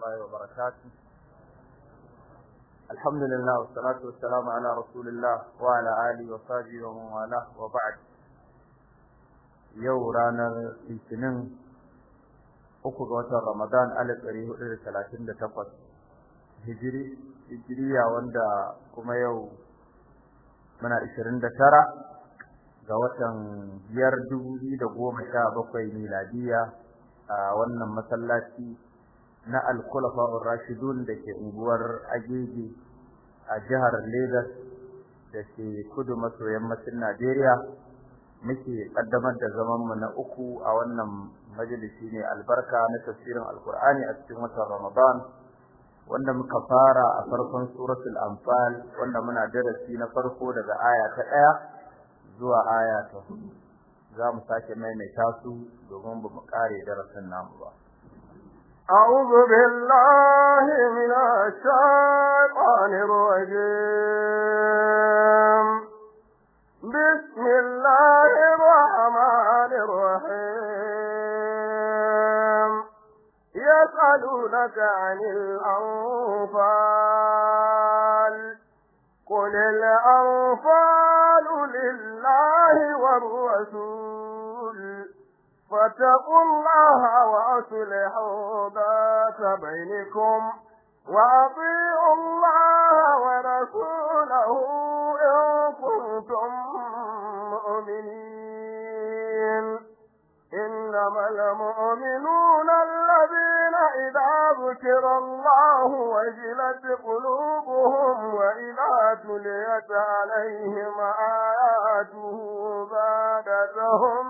Alhamdulillah وبركاته الحمد ala rasulillah والسلام على رسول الله وعلى آله وصحبه ومن والاه وبعد yau ranar litinin uku ga watan ramadan alif ɗari hudu da talatin da takwas hijiri hijiriya wanda kuma yau muna ishirin da tara ga watan biyar dubu biyu da goma sha bakwai miladiya a wannan masallaci na alkulafa khulafa rashidun ke ke unguwar Agege a jihar Lagos ke kudu maso yammacin Najeriya muke kaddamar da zaman mu na uku a wannan majalisi ne albarka na tafsirin alkur'ani a cikin watan Ramadan wanda muka fara a farkon suratul anfal wanda muna darasi na farko daga aya ta ɗaya zuwa aya ta hudu za mu sake maimaita su domin ba mu kare darasin namu ba أعوذ بالله من الشيطان الرجيم بسم الله الرحمن الرحيم يسألونك عن الأنفال قل الأنفال لله والرسول batauụlagha tulhụdatalekom wapi ụla agha were pụa hụkpụrụụtom إنما المؤمنون الذين إذا ذكر الله وجلت قلوبهم وإذا تليت عليهم آياته زادتهم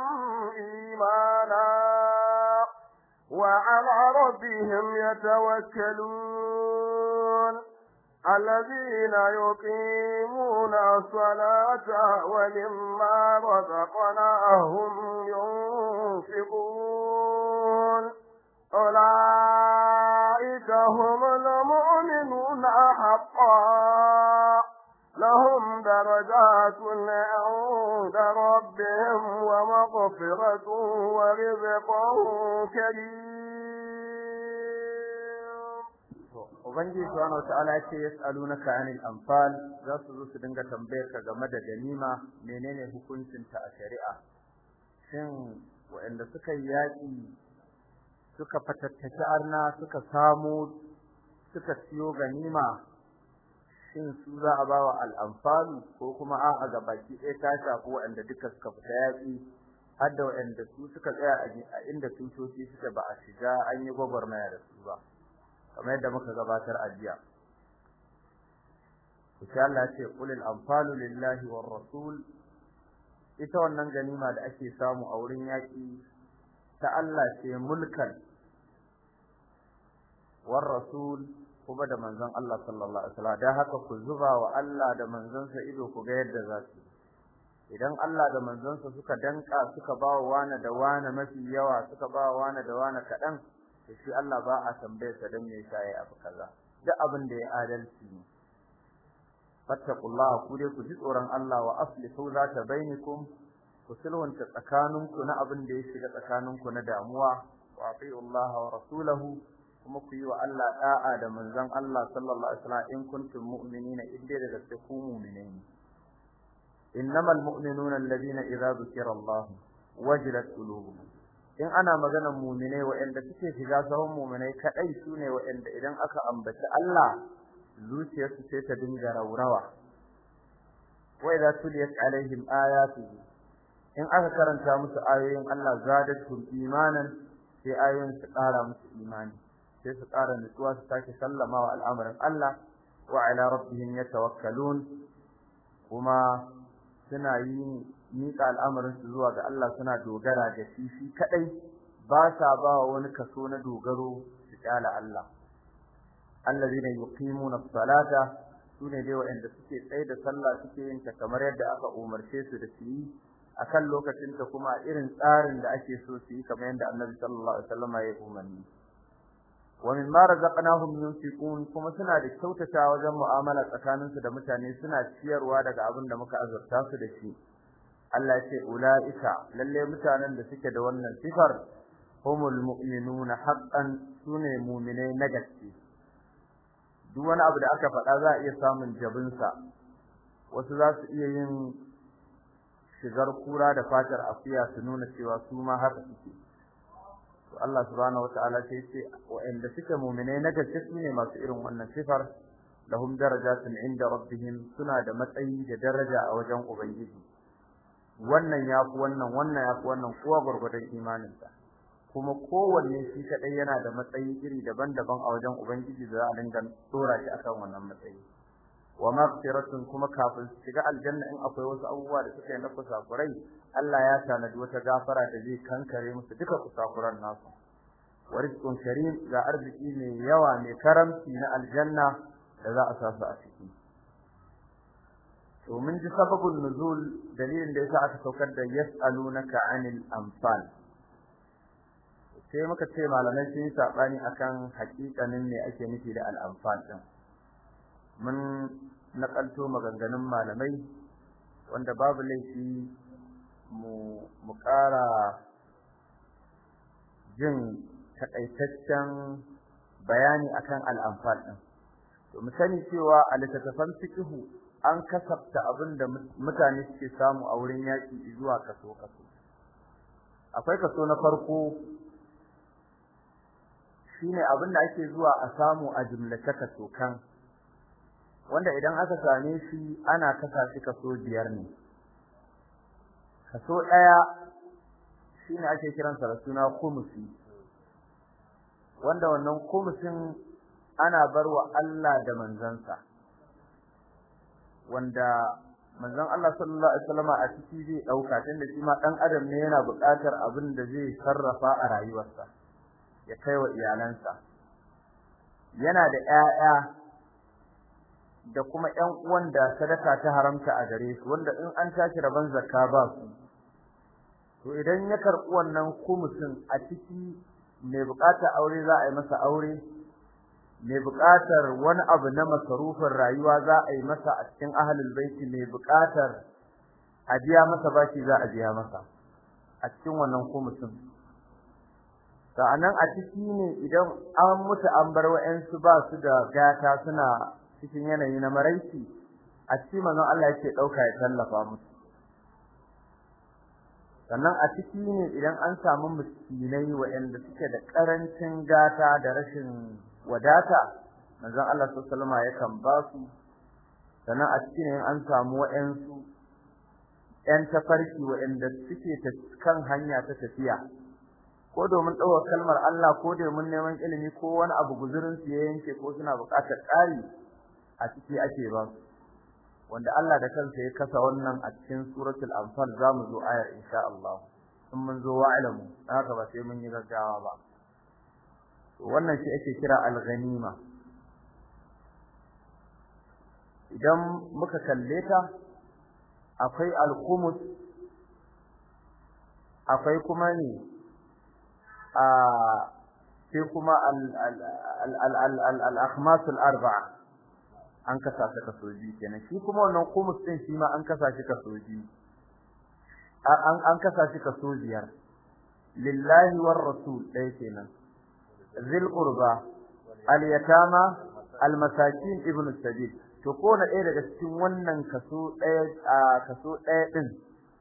إيمانا وعلى ربهم يتوكلون الذين يقيمون الصلاة ولما رزقناهم ينفقون أولئك هم المؤمنون حقا لهم درجات عند ربهم ومغفرة ورزق كريم Ubangiji subhanahu wata'ala ya ce yas'alunaka 'anil anfal za su zo su dinga tambayar ka game da ganima menene hukuncin ta a shari'a shin waɗanda suka yi yaƙi suka fatattaci arna suka samu suka siyo ganima shin su za a bawa al'amfani? ko kuma a'a ga baki ɗaya ta shafi waɗanda duka suka fita yaƙi har da waɗanda su suka tsaya a inda tutoci suka ba a shiga an yi gwagwarmaya da su ba kamar yadda muka gabatar a jiya insha Allah ce qulil anfalu lillahi war rasul ita wannan ganima da ake samu a wurin yaƙi ta Allah ce mulkan war rasul kuma da manzon Allah sallallahu alaihi wasallam dan haka ku zuba wa Allah da manzon sa ido ku ga yadda za idan Allah da manzon sa suka danka suka ba wa wani da wani mafi yawa suka ba wa wani da wani kadan to shi Allah ba a tambaye sa dan me yasa yayi abu kaza duk abin da ya adalci ne fattaqullaha ku dai ku ji tsoron Allah wa aslihu zata bainakum ku sulhunta tsakaninku na abin da ya shiga tsakaninku na damuwa wa ati'ullaha wa rasulahu kuma ku yi wa Allah da'a da manzon Allah sallallahu alaihi wasallam in kuntum mu'minina idda da gaske ku mu'mine ne innamal mu'minuna alladhina idza dhukira Allah wajilat qulubuhum in ana maganar muminai waɗanda suke shiga sahun muminai kadai sune waɗanda idan aka ambaci Allah zuciyarsu sai ta dinga raurawa wa idza tuliyat alaihim ayatuhu in aka karanta musu ayoyin Allah zadatuhum imanan sai ayoyin su musu imani sai su ƙara nutsuwa su sallama sallamawa al'amarin Allah wa ala rabbihim yatawakkalun kuma suna yi miƙa al'amarin su zuwa ga Allah suna dogara da shi shi kadai ba sa ba wani kaso na dogaro su kala Allah alladhina yuqimuna as-salata sune dai waɗanda suke tsaye da sallah suke yin ta kamar yadda aka umarce su da su yi akan lokacin ta kuma irin tsarin da ake so su yi kamar yadda Annabi sallallahu alaihi wasallam ya umarni wa mimma razaqnahum yunfiqun kuma suna da kyautata wajen mu'amala tsakaninsu da mutane suna ciyarwa daga abin da muka azurta su da shi Allah ya ce ulaika lalle mutanen da suke da wannan sifar humul mu'minuna haqqan sune mu'minai na gaske duk wani abu da aka faɗa za a iya samun jabinsa wasu za su iya yin shigar kura da fatar akuya su nuna cewa su ma haka suke to Allah subhanahu wataala sai ce wa'anda suke mu'mine na gaske su ne masu irin wannan sifar lahum darajatun inda rabbihim suna da matsayi da daraja a wajen ubangiji wannan yafi wannan wannan yafi wannan kowa gurgurdan imaninsa kuma kowanne shi kadai yana da matsayi iri daban-daban a wajen ubangiji da za a dinga tsora shi akan wannan matsayi wa maghfiratun kuma kafin su shiga aljanna in akwai wasu abubuwa da suka yi na kusakurai Allah ya tanadi wata gafara da zai kankare musu duka kusakuran nasu wa rizqun karim ga arziki ne yawa mai karamci na aljanna da za a sasu a ciki to mun ji sababun nuzul dalilin da yasa aka saukar da yas'alunaka anil amsal sai muka ce malamai sun yi sabani akan hakikanin me ake nufi da al-amsal mun nakalto maganganun malamai wanda babu laifi mu mu ƙara jin takaitaccen bayani akan al'amfal din to mu sani cewa a littattafan fikihu an kasafta abinda mutane suke samu a wurin yaki zuwa kaso kaso akwai kaso na farko shine abinda ake zuwa a samu a jumlata kaso kan wanda idan aka same shi ana kasa shi kaso biyar ne kaso ɗaya shine ake kiransa da suna kumusi wanda wannan kumusin ana bar wa Allah da manzansa wanda manzon Allah sallallahu alaihi wasallam a ciki zai dauka tunda shi ma dan adam ne yana buƙatar abin da zai sarrafa a rayuwarsa ya kai wa iyalansa yana da 'ya'ya. da kuma ƴan uwan da sadaka ta haramta a gare su wanda in an tashi rabon zakka ba su to idan ya karɓi wannan kumusin a ciki mai bukata aure za a yi masa aure mai buƙatar wani abu na masarufin rayuwa za a yi masa a cikin ahlul baiti mai buƙatar a biya masa baki za a biya masa a cikin wannan kumusin sa'annan a ciki ne idan an mutu an bar wa'ansu ba su da gata suna cikin yanayi na maraici a cikin manzon Allah yake dauka ya tallafa musu sannan a ciki ne idan an samu miskinai waɗanda suke da karancin gata da rashin wadata manzon Allah sallallahu alaihi yakan basu, su sannan a ciki ne an samu waɗansu ƴan tafarki waɗanda suke kan hanya ta tafiya ko domin ɗaukar kalmar Allah ko domin neman ilimi ko wani abu guzurin su ya yanke ko suna buƙatar ƙari a ciki ake ba wanda Allah da kansa ya kasa wannan a cikin suratul anfal zamu zo ayar insha Allah in mun zo wa'alamu haka ba sai mun yi gaggawa ba wannan shi ake kira al-ghanima idan muka kalle ta akwai al-qumus akwai kuma ne a sai kuma al-akhmas al-arba'a an kasa shi kaso kenan shi kuma wannan kumus din shi ma an kasa shi kaso biyu an an kasa shi kaso lillahi war rasul dai kenan zil qurba al yatama al masakin ibn sabil to ko na ɗaya daga cikin wannan kaso ɗaya a kaso ɗaya din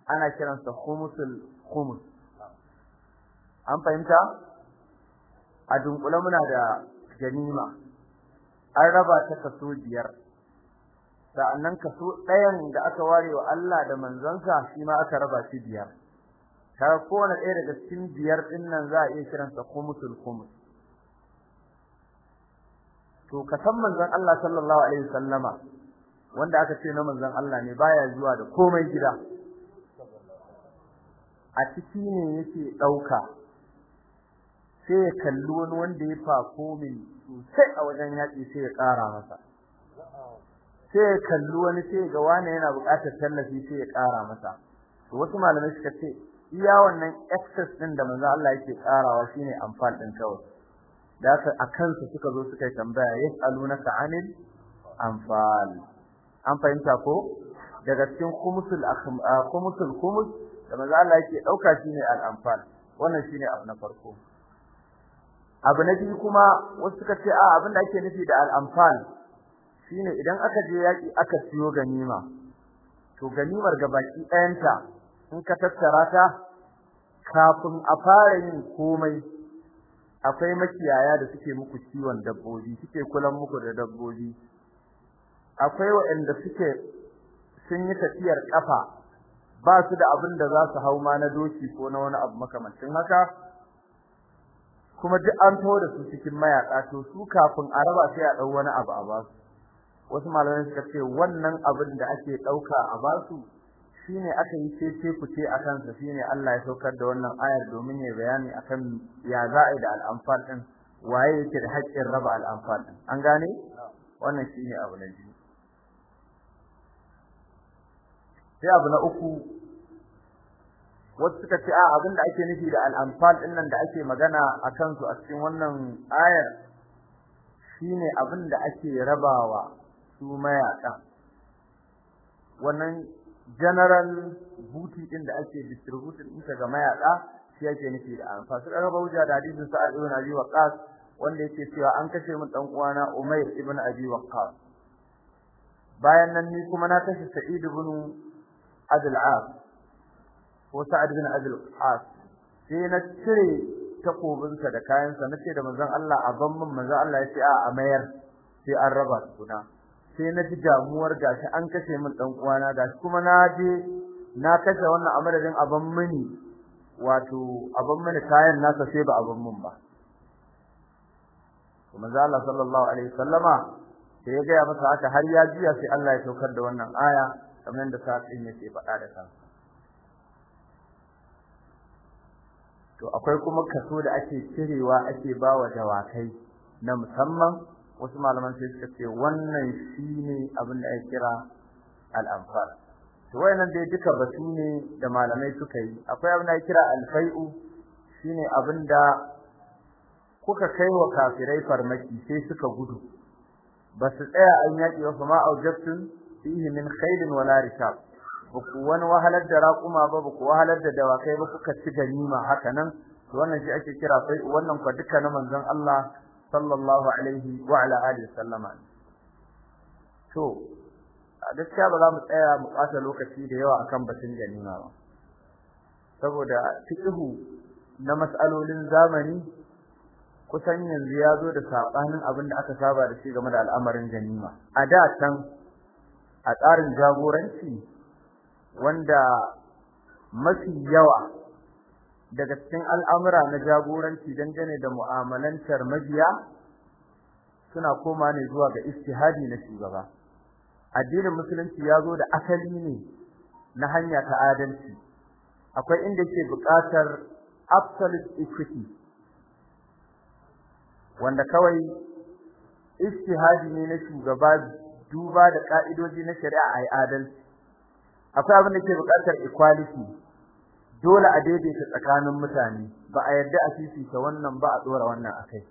ana kiransa khumusul khumus an fahimta a dunkule muna da ganima an raba ta kaso biyar sa'annan kaso ɗayan da aka ware wa Allah da manzansa shi ma aka raba shi biyar kaga kowane ɗaya daga cikin biyar ɗin nan za a iya kiransa ko khumus to ka san manzon Allah sallallahu alaihi wasallama wanda aka ce na manzon Allah ne baya zuwa da komai gida a ciki ne yake ɗauka. sai ya kalli wani wanda ya fako min sosai a wajen yaƙi sai ya ƙara masa sai ya kalli wani sai ga wani yana buƙatar tallafi sai ya ƙara masa to wasu malamai suka ce iya wannan excess din da manzo Allah yake ƙarawa shine amfan din kawai da aka akan su suka zo suka yi tambaya yasalunaka anil amfal an fahimta ko daga cikin khumusul ah, khumusul khumus da manzo Allah yake dauka shine al amfal wannan shine abu na farko abu na biyu kuma wasu suka ce a abin da ake nufi da al-amfal shine idan aka je yaki aka siyo ganima to ganimar ga gabaki ɗayanta in ka tattara ta kafin a fara yin komai akwai makiyaya da suke muku ciwon dabbobi suke kulan muku da dabbobi akwai waɗanda suke sun yi tafiyar ƙafa ba su da abin da za su hau ma na doki ko na wani abu makamancin haka kuma duk an taho da su cikin mayaka to su kafin a raba sai a dau wani abu a ba su wasu malamai suka ce wannan abin da ake dauka a ba su shine aka yi cece ce akan sa shine Allah ya saukar da wannan ayar domin ya bayani akan ya za'i da al'amfal din waye yake da haƙƙin raba al'amfal din an gane wannan shine abu na biyu sai abu na uku wasu suka ce a abin ake nufi da al-anfal din da ake magana a su a cikin wannan ayar shine abinda da ake rabawa su mayaka wannan general booty din da ake distributed din ga mayaka shi yake nufi da anfal suka raba wuja da hadisin sa'ad ibn abi waqas wanda yake cewa an kashe min dan uwana umayr ibn abi waqas bayan nan ni kuma na kashe sa'id ibn adil as ko Sa'ad bin Abi al-As sai na cire takobinsa da kayansa na ce da manzon Allah a ban min manzon Allah ya ce a mayar, sai an raba tukuna. sai na ji damuwar gashi an kashe min dan uwana gashi kuma na je na kashe wannan amaradin a ban mini wato a ban mini kayan nasa sai ba a ban min ba manzon Allah sallallahu alaihi wasallama sai ya ga masa haka har ya jiya sai Allah ya saukar da wannan aya kamar yadda sa'in yake faɗa da kansa to akwai kuma kaso da ake cirewa ake bawa dawakai na musamman wasu malaman sai suka ce wannan shine abin da ake kira al-anfal to wayannan dai duka batu ne da malamai suka yi akwai abin da ake kira al-fai'u shine abin da kuka kai wa kafirai farmaki sai suka gudu basu tsaya an yaki wa ma aujabtum fihi min khairin wala rikab Buku wani wahalar da raƙuma ba ba ku wahalar da dawakai ba kuka ci ganima haka nan to wannan shi ake kira sai wannan kwa duka na manzon Allah sallallahu alaihi wa ala alihi sallama to gaskiya ba za mu tsaya mu kasa lokaci da yawa akan batun ganima ba saboda fiqhu na mas'alolin zamani kusan yanzu ya zo da sabanin abin da aka saba da shi game da al'amarin ganima a da can a tsarin jagoranci wanda mafi yawa daga cikin al'amura na jagoranci dangane da mu'amalantar majiya, suna koma ne zuwa ga istihadi na shugaba addinin musulunci ya zo da asali ne na hanya ta adalci akwai inda ke buƙatar absolute equity wanda kawai istihadi ne na shugaba duba da ƙa'idoji na shari'a yi adalci akwai abin da ke buƙatar equality dole a daidaita tsakanin mutane ba a yarda a fifita wannan ba a dora wannan akai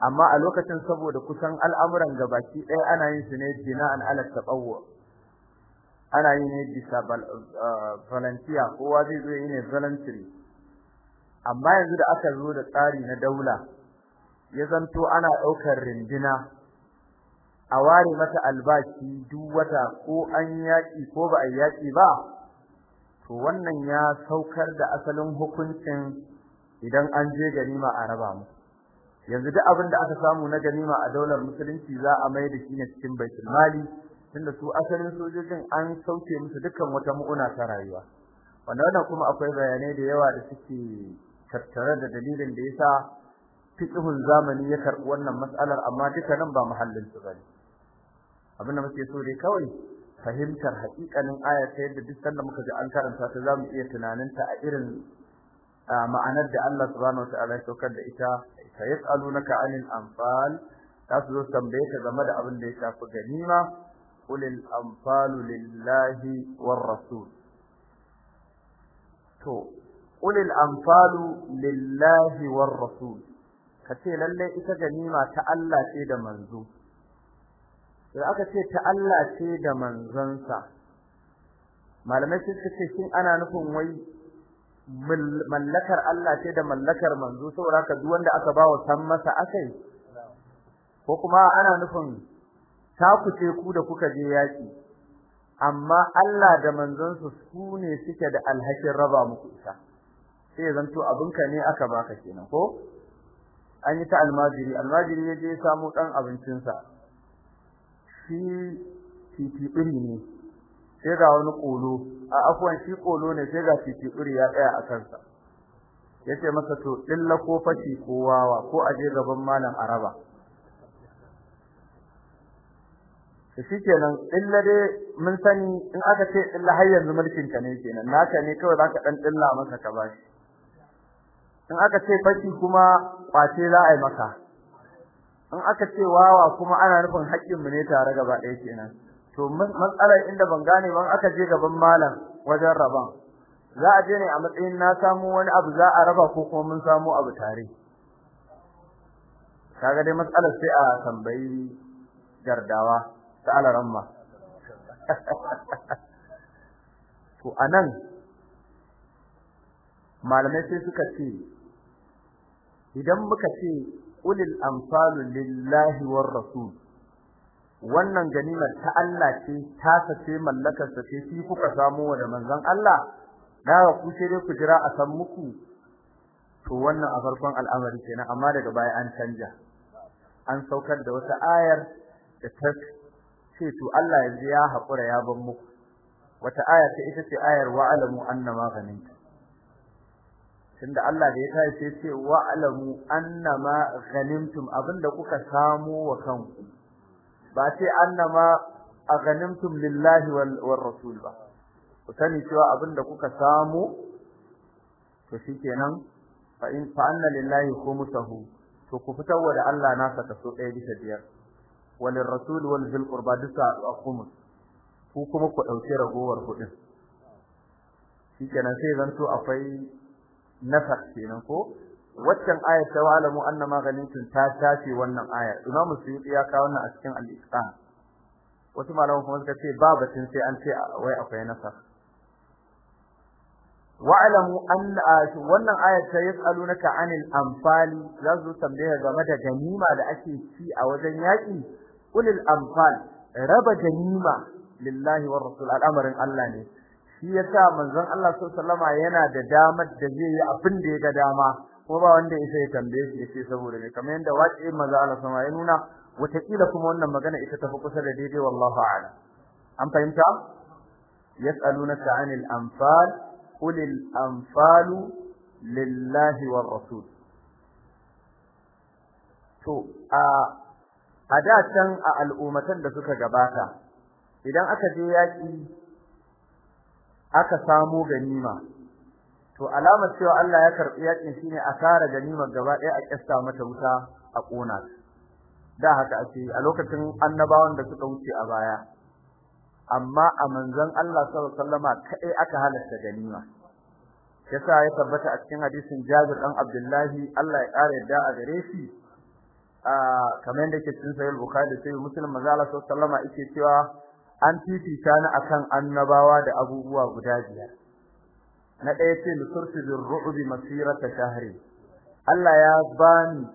amma a lokacin saboda kusan al'amuran gabaki ɗaya ana yin su ne bina'an ala taqawwu ana yin ne bisa eh, volunteer kowa zai zo yi voluntary amma yanzu da aka zo da tsari na daula ya zanto ana daukar rindina a ware mata albashi duk wata ko an yaki ko ba a yaki ba to wannan ya saukar da asalin hukuncin idan an je ganima a raba mu yanzu duk abin da aka samu na ganima a daular musulunci za a mai da shi ne cikin baitul mali tunda su asalin sojojin an sauke musu dukkan wata mu'una ta rayuwa wannan kuma akwai bayanai da yawa da suke tattare da dalilin da yasa fiqhun zamani ya karbi wannan mas'alar amma duka nan ba muhallin su bane Abin da muke so dai kawai fahimtar haƙiƙanin aya ta yadda duk sanda muka ji an karanta ta zamu iya tunanin ta a irin ma'anar da Allah subhanahu wataala ya saukar da ita ta yas'alunaka 'anil anfal ta su zo tambaye ka game da abin da ya shafi ganima qulil anfalu lillahi war rasul to qulil anfalu lillahi war rasul kace lalle ita ganima ta Allah ce da manzo da aka ce ta Allah ce da manzansa malamai suka ce shin ana nufin wai mallakar Allah ce da mallakar manzo saboda duk wanda aka bawa san masa akai ko kuma ana nufin ta ku ce ku da kuka je yaki amma Allah da manzansa su ne suke da alhakin raba muku ita sai zanto abinka ne aka baka kenan ko an yi ta almajiri almajiri ya je samu dan abincinsa shi titiɓiri ne sai ga wani ƙolo a afwan shi ƙolo ne sai ga titiɓiri ya tsaya a kansa yace masa to illa ko fashi ko wawa ko aje gaban malam araba shi kenan illa dai mun sani in aka ce illa har yanzu mulkin ka ne kenan naka ne kawai zaka dan illa masa ka bashi in aka ce fashi kuma kwace za a yi maka in aka ce wawa kuma ana nufin haƙƙin mu ne tare gaba ɗaya kenan to matsalar inda ban gane ban aka je gaban malam wajen rabon, za a je ne a matsayin na samu wani abu za a raba ko kuma mun samu abu tare kaga dai matsalar sai a tambayi gardawa ta alaramma to anan malamai sai suka ce idan muka ce ulil amsalu lillahi war rasul wannan ganimar ta Allah ce ta sace mallakar sa ce shi kuka samu wa da manzon Allah dawa ku sai ku jira a san muku to wannan a farkon al'amari kenan amma daga baya an canja an saukar da wata ayar da ta ce to Allah yanzu ya hakura ya ban muku wata aya ce ita ce ayar wa'alamu annama ghanimtum tunda Allah da ya ta ce ce wa alamu annama ghanimtum abinda kuka samu wa kanku ba sai annama aghanimtum lillahi wal, wal rasul ba ku sani cewa abinda kuka samu to shikenan fa in fa anna lillahi khumsuhu to ku fitarwa da Allah nasa kaso ɗaya bisa biyar walil rasul wal zil qurba wa akumus ku kuma ku dauke ragowar kudin shikenan sai zan so akwai Nasar kenan ko waccan ayar ta walamu annama ghanimtum ta tashi wannan ayar imam suyuti ya kawo wannan a cikin al-itqan wasu malaman kuma suka ce babatin sai an ce wai akwai nasar? wa'lamu wannan ayar ta yasalunaka anil anfali lazu tambaya game da ganima da ake ci a wajen yaki ulil anfal raba ganima lillahi war rasul al'amarin Allah ne shi sa manzon Allah sallallahu alaihi yana da damar da zai yi abin da ya ga dama ko ba wanda yake ya tambaye shi yake saboda ne kamar yanda wace manzon Allah sallallahu alaihi nuna watakila kuma wannan magana ita tafi kusa da daidai wallahi a'ala an fahimta yas'alunaka 'anil anfal qulil anfalu lillahi war rasul to a adatan da can a al'ummatan da suka gabata idan aka je yaki aka samu ganima to alamar cewa Allah ya karbi yakin shine a tara ganimar gaba ɗaya a kista mata wuta a kona da haka ake a lokacin annabawan da suka wuce a baya amma a manzon Allah sallallahu alaihi aka halarta ganima yasa ya tabbata a cikin hadisin Jabir dan Abdullahi Allah ya kare da a gare shi kamar yadda yake cikin sahih Bukhari sai Muslim manzo Allah sallallahu alaihi wasallama yake cewa an fifita ni akan annabawa da abubuwa guda biyar na ɗaya ce lusurtibir ru'bi masirata shahri Allah ya bani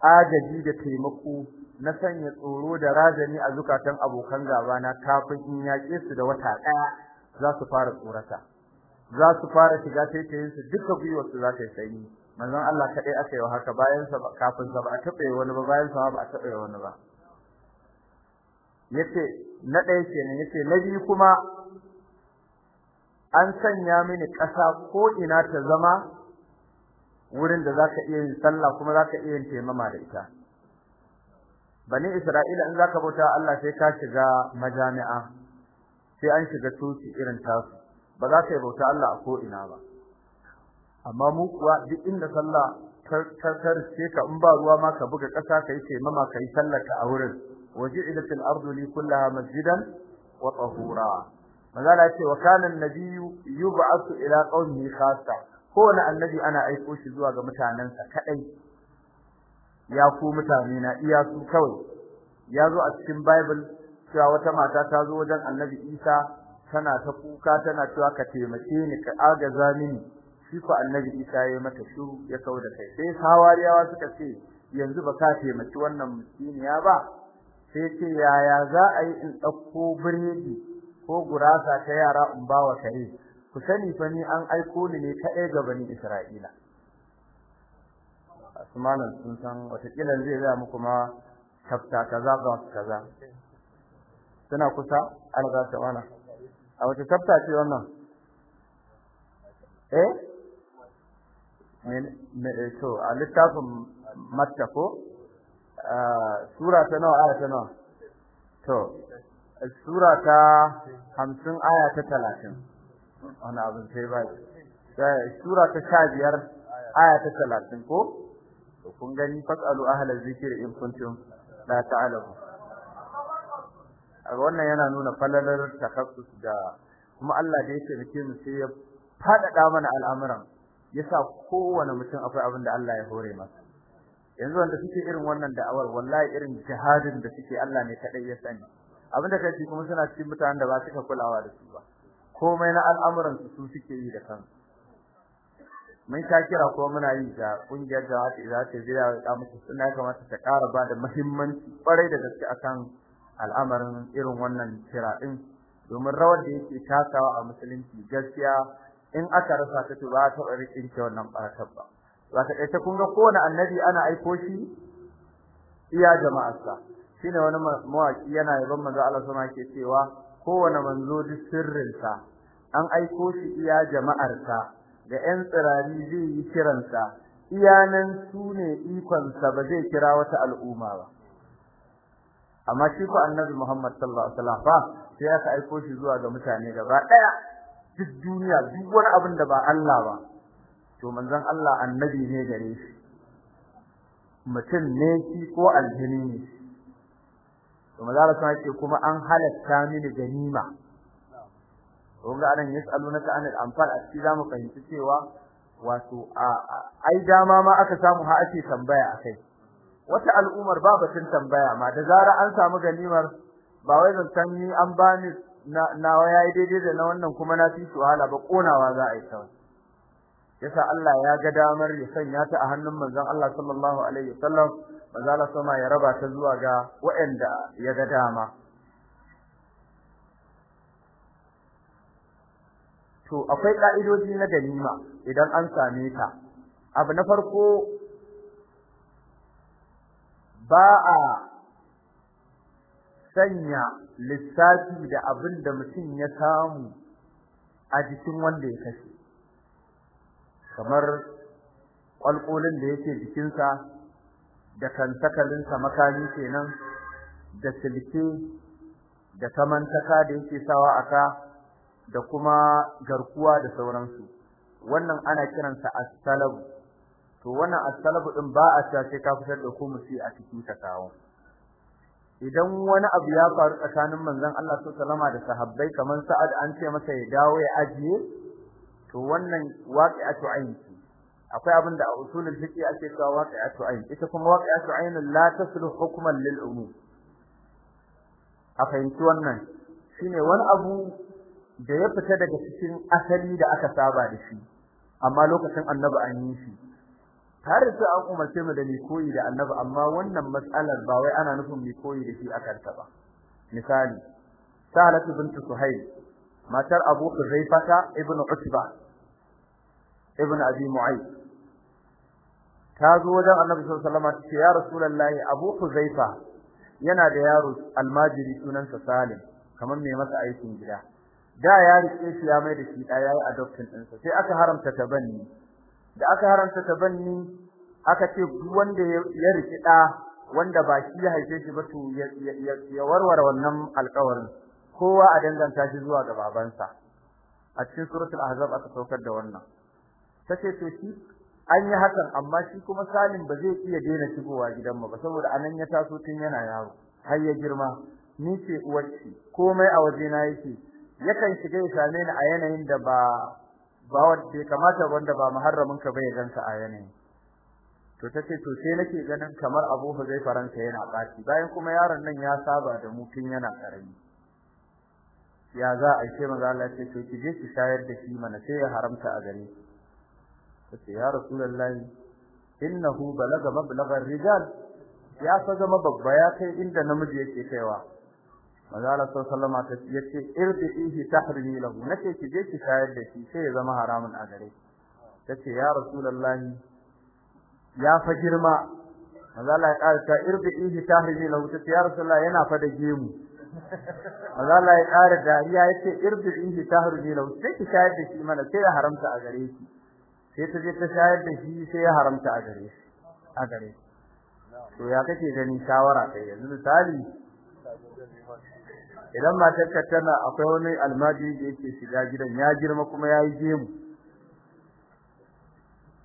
agaji da taimako na sanya tsoro da rajani a zukatan abokan gaba na kafin in yaƙe su da wata daya za su fara tsorata za su fara shiga taitayin su duka gwiwar su za ta yi sanyi manzon Allah kadai aka yi haka bayan sa kafin sa ba a taɓa wani ba bayan sa ba a taɓa wani ba yace na ɗaya kenan yace na biyu kuma an sanya mini ƙasa ko ina ta zama wurin da zaka iya yin sallah kuma zaka iya yin taimama da ita bani isra'ila in zaka bauta Allah sai ka shiga majami'a sai an shiga tuci irin tasu ba za ka bauta Allah a ko ina ba amma mu kuwa duk inda sallah ta ta ka in ba ruwa ma ka buga ƙasa kai taimama kai sallah ka a wurin وجعلت الارض لي كلها مسجدا وطهورا مازال ce wa kana annabiyyu yub'athu ila qaumihi khassa kowane annabi ana aiko shi zuwa ga mutanansa kadai ya ku mutane na iya su kawai ya zo a cikin bible cewa wata mata ta zo wajen annabi Isa tana ta kuka tana cewa ka taimake ni ka agaza mini shi ko annabi Isa yayi mata shiru ya kauda kai sai hawariyawa suka ce yanzu ba ka taimaki wannan miskiniya ba sai ce yaya za a yi in ɗauko biredi ko gurasa ta yara in ba wa kare ku sani fa ni an aiko ni ne kaɗai ga bani isra'ila asmanan sun san watakila zai zaya muku ma tafta kaza ba kaza tana kusa an ga ta wana a wata tafta ce wannan eh ne to a littafin matta ko Eh, sura ta nawa aya ta nawa to sura ta 50 aya ta 30 wani abin sai ba eh, sura ta 15 aya ta 30 ko kun gani fasalu ahla zikri in kuntum la ta'lamu wannan yana nuna falalar takassus da kuma Allah da yake muke mu sai ya fadada mana al'amuran yasa kowanne mutum akwai abin da Allah ya hore masa yanzu wanda suke irin wannan da'awar wallahi irin jihadin da suke Allah ne kadai ya sani abinda kace kuma suna cikin mutanen da ba su ka kulawa da su ba komai na al'amuran su su suke yi da kansu mun ta kira ko muna yi da kungiyar da wata idan ta jira da musu suna kamata ta ƙara ba da muhimmanci kwarai da gaske akan al'amarin irin wannan kira din domin rawar da yake takawa a musulunci gaskiya in aka rasa ta to ba ta rikin ta wannan barkar ba zaka kace kun ga kowane annabi ana aiko shi iya jama'arsa shine wani mawaki yana yaban manzo Allah sama yake cewa kowane manzo duk sirrinsa an aiko shi iya jama'arsa da 'yan tsirari zai yi kiransa iyanan su ne ikonsa ba zai kira wata al'umma ba amma shi ko annabi Muhammad sallallahu alaihi wasallam fa aka aiko shi zuwa ga mutane gaba daya duk duniya duk wani abin da ba Allah ba to manzon Allah annabi ne gare shi mutum ne shi ko aljini ne to da Allah ce kuma an halatta mini ganima kun ga anan yas'alunaka anil anfal a cikin zamu fahimci cewa wato ai dama ma aka samu ha ake tambaya akai wata al'umar ba batun tambaya ma da zara an samu ganimar ba wai zantan ni an bani na nawa yayi daidai da na wannan kuma na fi su wahala ba konawa za a yi kawai yasa Allah ya ga damar ya sanya ta a hannun manzon Allah sallallahu alaihi wasallam manzala sama ya raba ta zuwa ga waɗanda ya ga dama to akwai ka'idoji na ganima idan an same ta abu na farko ba a sanya lissafi da abin da mutum ya samu a jikin wanda ya kashe kamar kwalkolin da yake jikinsa da kantakalinsa makami kenan da silke da samantaka da yake sawa aka da kuma garkuwa da sauransu wannan ana kiransa as to wannan as-salab din ba a ta sai ka fitar da kumusi a cikin ka kawo idan wani abu ya faru tsakanin manzon Allah sallallahu alaihi wasallam da sahabbai kamar Sa'ad an ce masa ya dawo ya ajiye to wannan waqi'atu ayn akwai abin da a usulul fiqh ake cewa waqi'atu ayn ita kuma waqi'atu ayn la tasluhu hukman lil umum a fahimci wannan shine wani abu da ya fita daga cikin asali da aka saba da shi amma lokacin annabi an yi shi har da an umarce mu da ni koyi da annabi amma wannan mas'alar ba wai ana nufin ni koyi da shi akan ta ba misali Salatu bint Suhail matar Abu hurayfa ibn Utba ibn abi mu'ayth ta zo wajen annabi sallallahu alaihi wasallam ce ya rasulullahi abu huzaifa yana da yaro almajiri sunansa salim kamar mai masa aikin gida da ya rike shi ya mai da shi da yayi adoption din sa sai aka haramta tabanni da aka haramta tabanni aka ce duk wanda ya rike da wanda ba shi ya haife shi ba to ya warware wannan alƙawarin kowa a danganta shi zuwa ga babansa a cikin suratul ahzab aka saukar da wannan take to shi an yi hakan amma shi kuma Salim ba zai iya daina shigowa gidan mu ba saboda anan ya taso tun yana yaro har ya girma ni ce uwarki komai a waje na yake yakan shiga ya same ni a yanayin da ba ba wanda kamata wanda ba muharramin ka bai gansa a yanayin to take to sai nake ganin kamar Abu Huzai Faransa yana baci bayan kuma yaron nan ya saba da mu tun yana karami ya za a ce maza Allah ce to ki je ki shayar da shi mana sai ya haramta a gare ki sai ya rasulullahi innahu balaga mablaga rijal ya faga mababba ya kai inda namiji yake kaiwa manzala sallallahu alaihi wasallam yace irdihi tahrimi lahu nake ki je ki sayar da shi sai ya zama haramun a gare tace ya rasulullahi ya fa girma manzala ya ƙara ta irdihi tahrimi lahu tace ya rasulullahi yana fa da gemu manzala ya ƙara dariya yace irdihi tahrimi lahu sai ki sayar da shi mana sai ya haramta a gare shi sai ta je ta shayar da shi sai ya haramta a gare shi a gare to ya kake gani shawara kai yanzu misali idan matarka tana akwai wani almaji da yake shiga gidan ya girma kuma ya yi gemu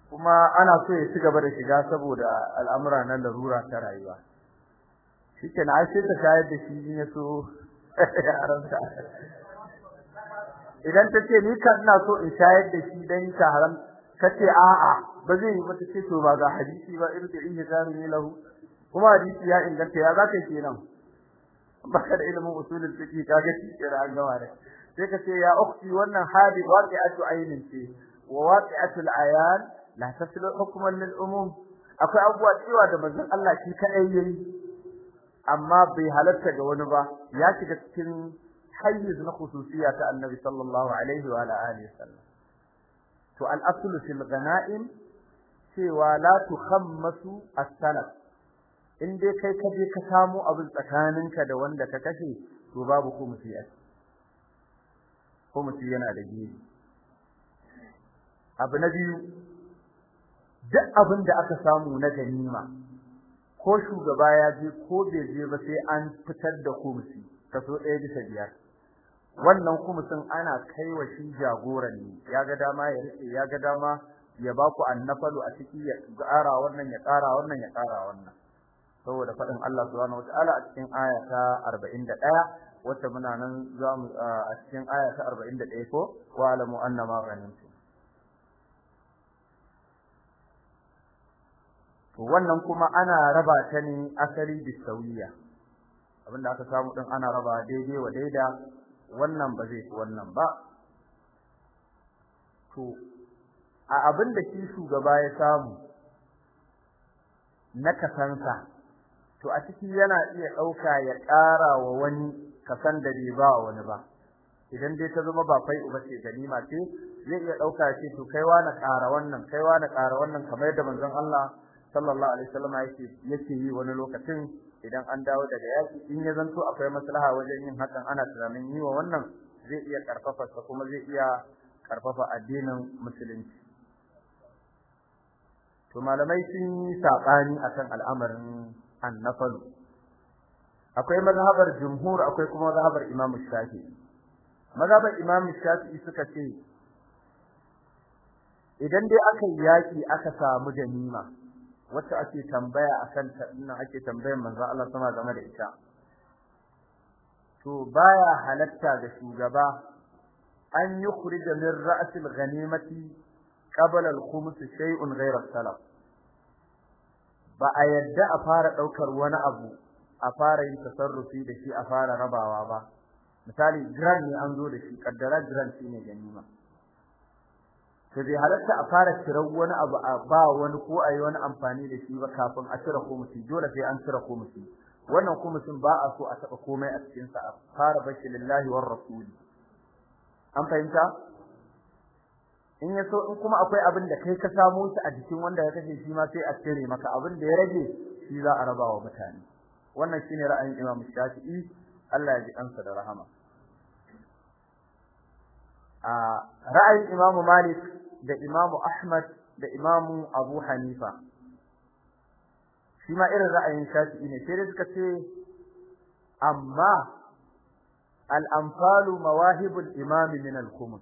kuma ana so ya ci gaba da shiga saboda al'amura na larura ta rayuwa shi ai sai ta shayar da shi ya so ya haramta idan ta ce ni kan ina so in shayar da shi dan ka haram kace a'a ba zai yi mata ce to ba ga hadisi ba irti'i hijarun lahu kuma hadisi ya inganta ya zaka kenan baka da ilimin usulul fiqh shi kira an gama da sai kace ya ukhti wannan hadi waqi'atu aynin ce wa waqi'atu al-ayan la tasilu hukman lil umum akwai abuwa cewa da manzon Allah shi ka yayi amma bai halatta ga wani ba ya shiga cikin hayyiz na khususiyya ta annabi sallallahu alaihi wa alihi wasallam to al-aslu fil ghanaim cewa la tukhammasu as-salaf in dai kai ka je ka samu abin tsakaninka da wanda ka kashe to babu kumsi a yana da gidi abu na biyu duk abin da aka samu na ganima ko shugaba ya je ko bai je ba sai an fitar da kumsi kaso ɗaya bisa biyar. wannan kuma sun ana kaiwa shi jagoran ne ga dama ya rike ga dama ya ku annafalu a ciki ya ƙara wannan ya ƙara wannan ya ƙara wannan saboda fadin Allah subhanahu wataala a cikin aya ta 41 wacce muna nan za mu a cikin aya ta 41 ko wa alamu annama ghanimtum to wannan kuma ana raba ta ne asali bisawiya abinda aka samu din ana raba daidai wa daida wannan ba zai wannan ba to a abin da shi shugaba ya samu na kasansa to a ciki yana iya dauka ya ƙara wa wani kasan da bai ba wani ba idan dai ta zama ba fai uba ce ganima ce zai iya dauka ce to kaiwa na ƙara wannan kaiwa na ƙara wannan kamar da manzon Allah sallallahu alaihi wasallam yake yake yi wani lokacin idan an dawo daga yaki in ya zanto akwai maslaha wajen yin hakan ana tunanin yi wa wannan zai iya karfafa sa kuma zai iya karfafa addinin musulunci to malamai sun yi sabani akan al'amarin annafal akwai mazhabar jumhur akwai kuma mazhabar imam Shafi. mazhabar imam Shafi suka ce idan dai aka yaki aka samu jami'a wacce ake tambaya akan ta ina ake tambayar manzo Allah sama game da ita to baya halatta ga shugaba an yukhrij min ra'sil ghanimati qabla al-khums shay'un ghayra salaf ba a yadda a fara daukar wani abu a fara yin tasarrufi da shi a fara rabawa ba misali grand ne an zo da shi kaddara grand shine ganima to bai halatta a fara cirar wani abu a ba wani ko ayi wani amfani da shi ba kafin a cire mutum dole sai an cire mutum wannan mutum ba a so a taba komai a cikin sa a fara bashi lillahi war rasuli an fahimta in ya so in kuma akwai abin da kai ka samu shi a jikin wanda ya kashe shi ma sai a cire maka abin da ya rage shi za a raba wa mutane wannan shine ra'ayin Imam Shafi'i Allah ya ji ansa da rahama a ra'ayin Imam Malik da imamu Ahmad da imamu Abu Hanifa shi ma irin ra'ayin Shafi'i ne sai suka ce amma al-anfalu mawahibul imam min al-kumus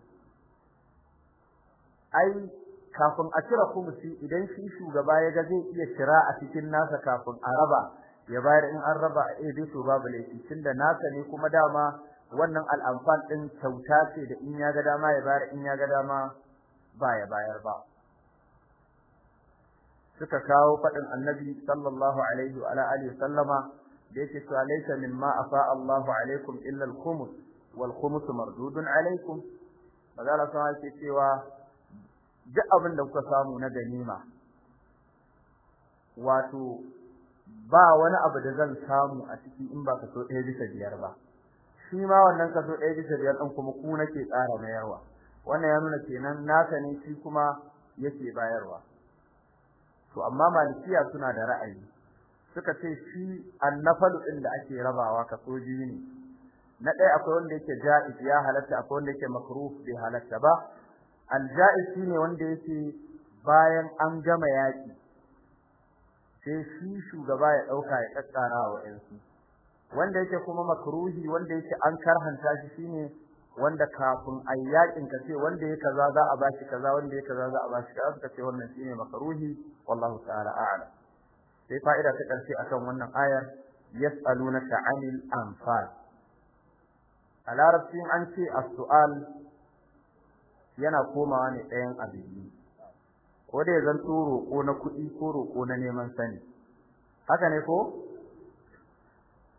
ai kafin a cire kumusi idan shi shugaba ya ga zai iya shira a cikin nasa kafin a raba ya bayar in an raba a eh, dai to babu laifi tunda nasa ne kuma dama wannan al ɗin din kyauta ce da in ya ga dama ya bayar in ya ga dama ba ya bayar ba suka kawo faɗin annabi sallallahu alaihi wa alihi sallama da yake cewa laysa mimma afa Allahu alaikum illa al-khumus wal khumus mardudun alaikum magana sa yake cewa duk abin da kuka samu na ganima wato ba wani abu da zan samu a cikin in ba kaso ɗaya bisa biyar ba shi ma wannan kaso ɗaya bisa biyar ɗin kuma ku nake tsara mayarwa wannan ya nuna kenan naka ne shi kuma yake bayarwa to amma malikiya suna da ra'ayi suka ce shi annafalu din da ake rabawa ka soji ne na ɗaya akwai wanda yake ja'iz ya halatta akwai wanda yake makruh bai halatta ba aljaiz shine wanda yake bayan an gama yaki sai shi shugaba ya dauka ya kakkara wa yansu wanda yake kuma makruhi wanda yake an karhanta shi shine wanda kafin a yaƙin ka ce wanda ya kaza za a bashi kaza wanda ya kaza za a bashi kaza kace wannan shine makaruhi wallahu ta'ala a'lam sai fa'ida ta karshe akan wannan aya yas'alunaka 'anil anfal a an ce as-su'al yana komawa ne ɗayan abin ko da zan turo ko na kuɗi ko roko na neman sani haka ne ko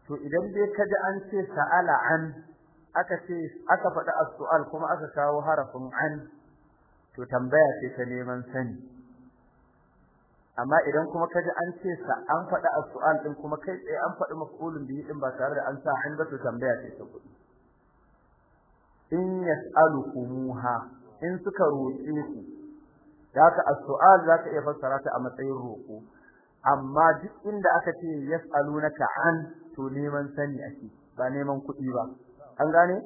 to idan dai kaji an ce sa'ala an aka ce aka faɗi as kuma aka kawo harafin an to tambaya ce ta neman sani amma idan kuma kaji an ce sa an faɗi as-su'al din kuma kai tsaye an faɗi maf'ulun bihi din ba tare da an sa an ba to tambaya ce ta kudi in yas'alukumuha in suka roƙe ku zaka as-su'al zaka iya fassara ta a matsayin roƙo amma duk inda aka ce yas'alunaka an to neman sani ake ba neman kuɗi ba an gane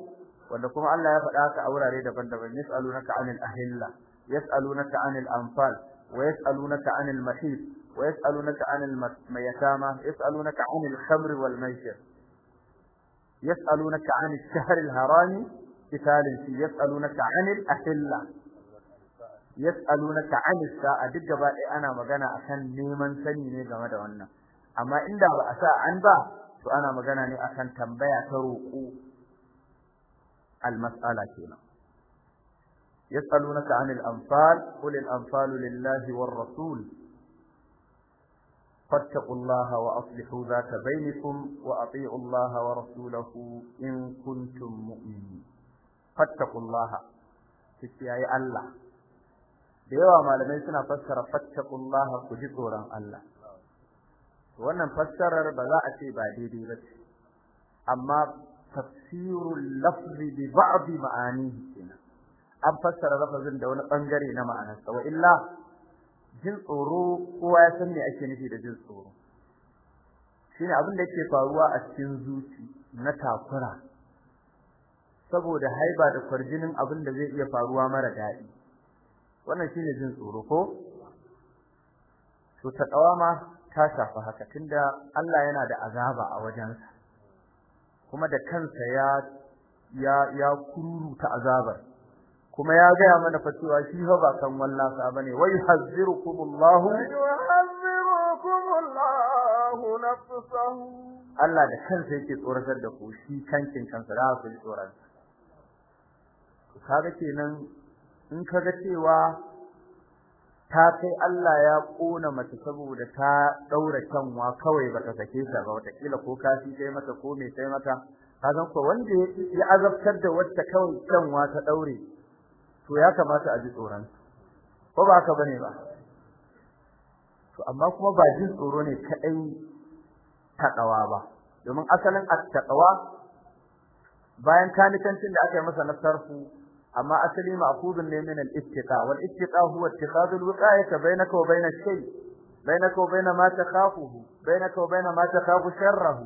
wanda kuma Allah ya faɗa ka a wurare daban-daban yas'alunaka 'anil ahilla yas'alunaka 'anil anfal wa yas'alunaka 'anil mahid wa yas'alunaka 'anil mayatama yas'alunaka 'anil khamr wal maisir yas'alunaka 'anil shahr al haram qital fi yas'alunaka 'anil ahilla yas'alunaka 'anil sa'a duk gaba ɗaya ana magana akan neman sani ne game da wannan amma inda ba a sa an ba to ana magana ne akan tambaya ta roƙo al-mas'ala kenan yas'alunaka 'anil anfal qul al-anfalu lillahi war-rasul fattaqullaha wa aslihu dhata bainakum wa ati'u allaha wa rasulahu in kuntum mu'minin fattaqullaha kiyaye Allah da yawa malamai suna fassara fattaqullaha ku ji tsoron Allah wannan fassarar ba za a ce ba daidai ba ce amma tafsirul lafzi bi ba'd ma'anihi an fassara lafazin da wani ɓangare na ma'anarsa wa illa jin tsoro kowa ya san me ake nufi da jin tsoro shine abin da yake faruwa a cikin zuci na takura saboda haiba da kwarjinin abin da zai iya faruwa mara daɗi wannan shine jin tsoro ko to ta ta shafa haka tunda Allah yana da azaba a wajensa kuma da kansa ya ya ya kururuta azabar kuma ya ga mana fa cewa shi fa ba kan wallahi bane wai yuhazzirukumullahu yuhazzirukumullahu Allah da kansa yake tsoratar da ku shi kankin kansa da su tsoratar kaga kenan in kaga cewa ta kai Allah ya kona mace saboda ta daura kanwa kawai baka sake ta ba wata kila ko kafi sai mata ko me sai mata san ko wanda ya azabtar da wata kawai kanwa ta daure to ya kamata a ji tsoron ko ba ka bane ba to amma kuma ba jin tsoro ne kadai takawa ba domin asalin at-taqwa bayan kanikancin da aka yi masa na sarfu amma asali ma'khudun ne min al-ittiqa wal ittiqa huwa ittikhadhu al-wiqayata bainaka wa bain ash-shay bainaka wa bain ma takhafuhu bainaka wa bain ma takhafu sharrahu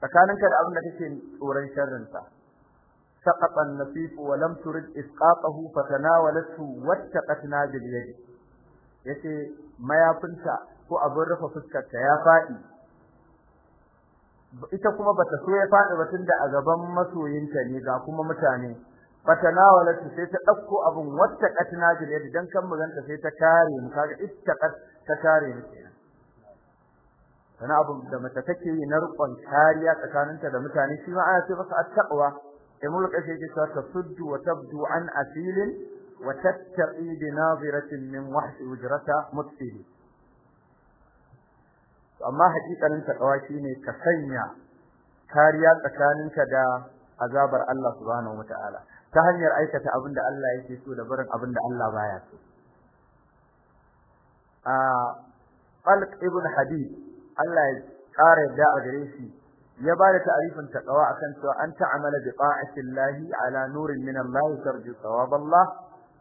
tsakaninka da abin da kake tsoron sharrin sa saqata an-nasif wa lam turid isqatahu fatanawalathu wattaqat najil yadi yace mayafinta ko abin rufe fuskarta ya fadi ita kuma bata so ya fadi ba tunda a gaban masoyinta ne ga kuma mutane fatanawalat sai ta dauko abun wata katna jilid dan kan maganta sai ta kare mu kaga ittaqat ta kare mu kenan sana abun da mata take yi na rukun kariya tsakaninta da mutane shi ma aya ce baka attaqwa imul kashi ke ta tasuddu wa tabdu an asilin wa tattaqi bi naziratin min wahsi ujrata mutsil amma hakikanin taqwa shine ka sanya kariya tsakaninka da azabar Allah subhanahu wataala ta hanyar aikata abin da Allah yake so da barin abin da Allah baya so a Falq ibn Hadid Allah ya kare da a gare shi ya ba da ta'arifin taqwa akan cewa an ta'amala bi ta'ati Allah ala nurin min Allah tarju thawab Allah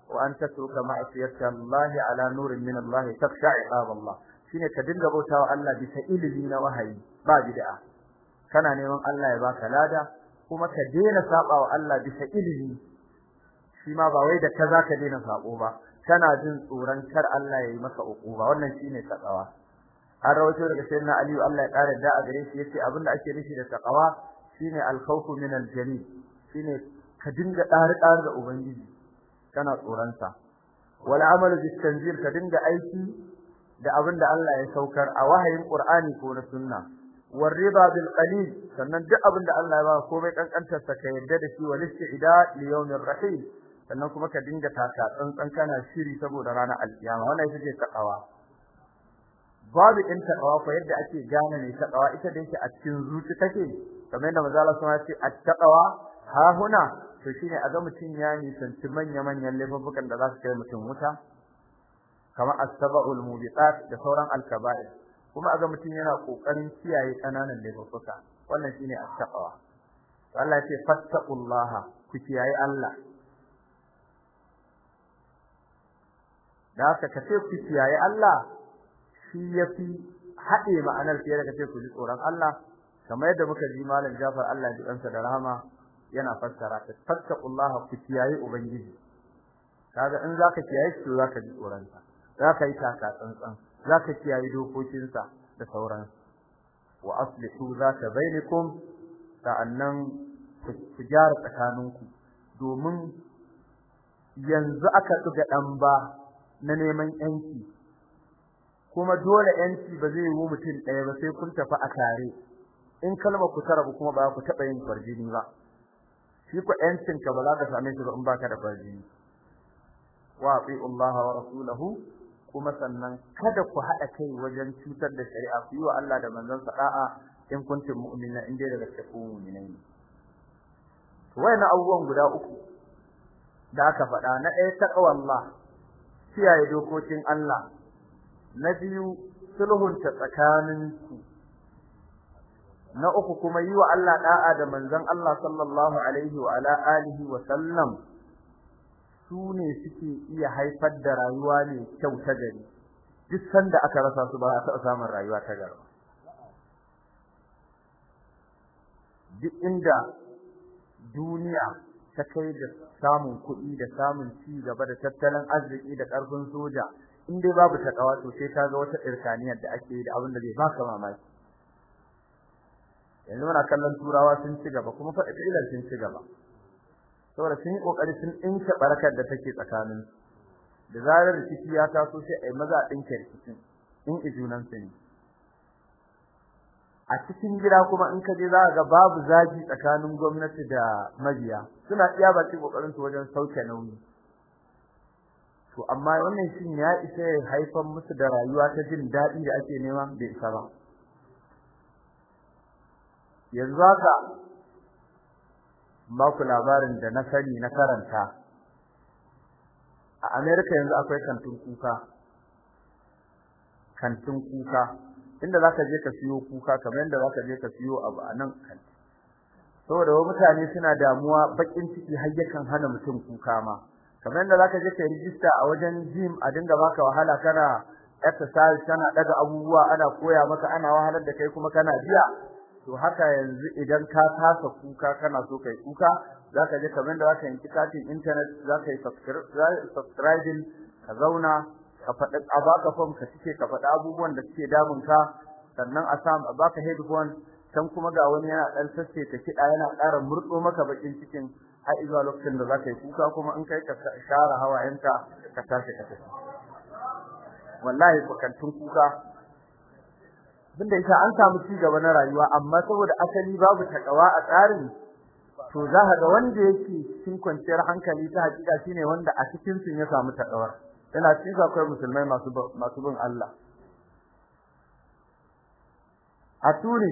wa an tatruka ma'siyati Allah ala nurin min Allah takhsha iqab Allah shine ka dinga bautawa Allah bisa ilimi na wahayi ba bid'a kana neman Allah ya baka lada kuma ka daina sabawa Allah bisa ilimi shi ma ba wai da ka daina sabo ba kana jin tsoron kar Allah ya yi maka ukuba wannan shine takawa an rawaito daga sayyidina Ali Allah ya kare da a gare shi yace abinda ake nufi da takawa shine al-khawfu min al-jami shine ka dinga dare dare da ubangiji kana tsoron sa wal amal bis tanzil ka dinga aiki da abinda Allah ya saukar a wahayin Qur'ani ko na sunna Warriba rida bil qalil sannan duk abin da Allah ya ba komai kankantar sa ka yadda da shi wal isti'da li yawmir rahim sannan kuma ka dinga taka tsantsan kana shiri saboda ranar alkiyama wannan ita ce takawa babu in takawa fa yadda ake gane ne takawa ita da yake a cikin zuci take kamar yadda manzo Allah ya ce at-taqwa ha huna to shine a ga mutun ya nisanci manya manyan laifukan da za su kai mutun wuta kamar as-sab'ul mubiqat da sauran al-kaba'ir kuma ga mutum yana kokarin kiyaye kananan laifuka wannan shine at Allah ce fattaqullaha ku kiyaye Allah da ka kace ku kiyaye Allah shi yafi hade ma'anar fiye da kace ku ji tsoron Allah kamar yadda muka ji malam Jafar Allah ji kansa da rahama yana fassara ta fattaqullaha ku kiyaye ubangiji kaga in zaka kiyaye shi zaka ji tsoron sa zaka yi taka tsantsan zaka kiyaye dokokinsa da sauran wa aslihu zaka bainakum sa'annan ku gyara tsakaninku domin yanzu aka tsuga dan ba na neman yanki kuma dole yanci ba zai yi mutum ɗaya ba sai kun tafi a tare in kalmar ku tarabu kuma ba ku taba yin farjini ba shi ku yancin ka ba za ka same shi ba in baka da farjini wa fi Allah wa rasuluhu kuma sannan kada ku hada kai wajen cutar da shari'a ku yi wa Allah da manzon sa da'a in kuntum mu'minina in dai daga cikin mu'minai ne na abubuwan guda uku da aka faɗa na ɗaya taqwa Allah kiyaye dokokin Allah na biyu tsakanin ku na uku kuma yi wa Allah da'a da manzon Allah sallallahu alaihi wa ala alihi wa sallam su ne suke iya haifar da rayuwa ne kyau ta gari duk sanda aka rasa su ba a samun rayuwa ta gari duk inda duniya ta kai da samun kuɗi da samun ci gaba da tattalin arziki da ƙarfin soja in dai babu takawa to sai ta ga wata irkaniyar da ake yi da abin da zai baka mamaki yanzu muna kallon turawa sun ci gaba kuma fa sun ci gaba saboda sun yi kokari sun dinka barakar da take tsakanin da zarar rikici ya taso sai ai maza dinka rikicin in ijunan su ne a cikin gida kuma in ka je za ga babu zagi tsakanin gwamnati da mabiya suna iya baki kokarin su wajen sauke nauyi to amma wannan shin ya isa ya haifar musu da rayuwa ta jin daɗi da ake nema bai isa ba yanzu haka ba ku labarin da na sani na karanta a America yanzu akwai kantin kuka kantin kuka inda zaka je ka siyo kuka kamar yadda zaka je ka siyo abu a nan kanti saboda wa mutane suna damuwa bakin ciki har yakan hana mutum kuka ma kamar yadda zaka je ka register a wajen gym a dinga baka wahala kana exercise kana daga abubuwa ana koya maka ana wahalar da kai kuma kana biya to haka yanzu idan ka kasa kuka kana so kai kuka zaka je kamar da zaka yanki katin internet zaka yi subscribe ka zauna ka faɗa a baka form ka cike ka faɗa abubuwan da suke damun ka sannan a sam abaka baka headphone can kuma ga wani yana dan sace ka kiɗa yana ƙara murdo maka bakin cikin a izuwa lokacin da zaka yi kuka kuma in kai ka share hawayenka ka tashi ka tafi wallahi tun kuka abinda yasa an samu ci gaba na rayuwa amma saboda asali babu takawa a tsarin to za ka ga wanda yake cikin kwanciyar hankali ta hakika shine wanda a cikin sun ya samu takawar yana cikin akwai musulmai masu masu bin Allah a turi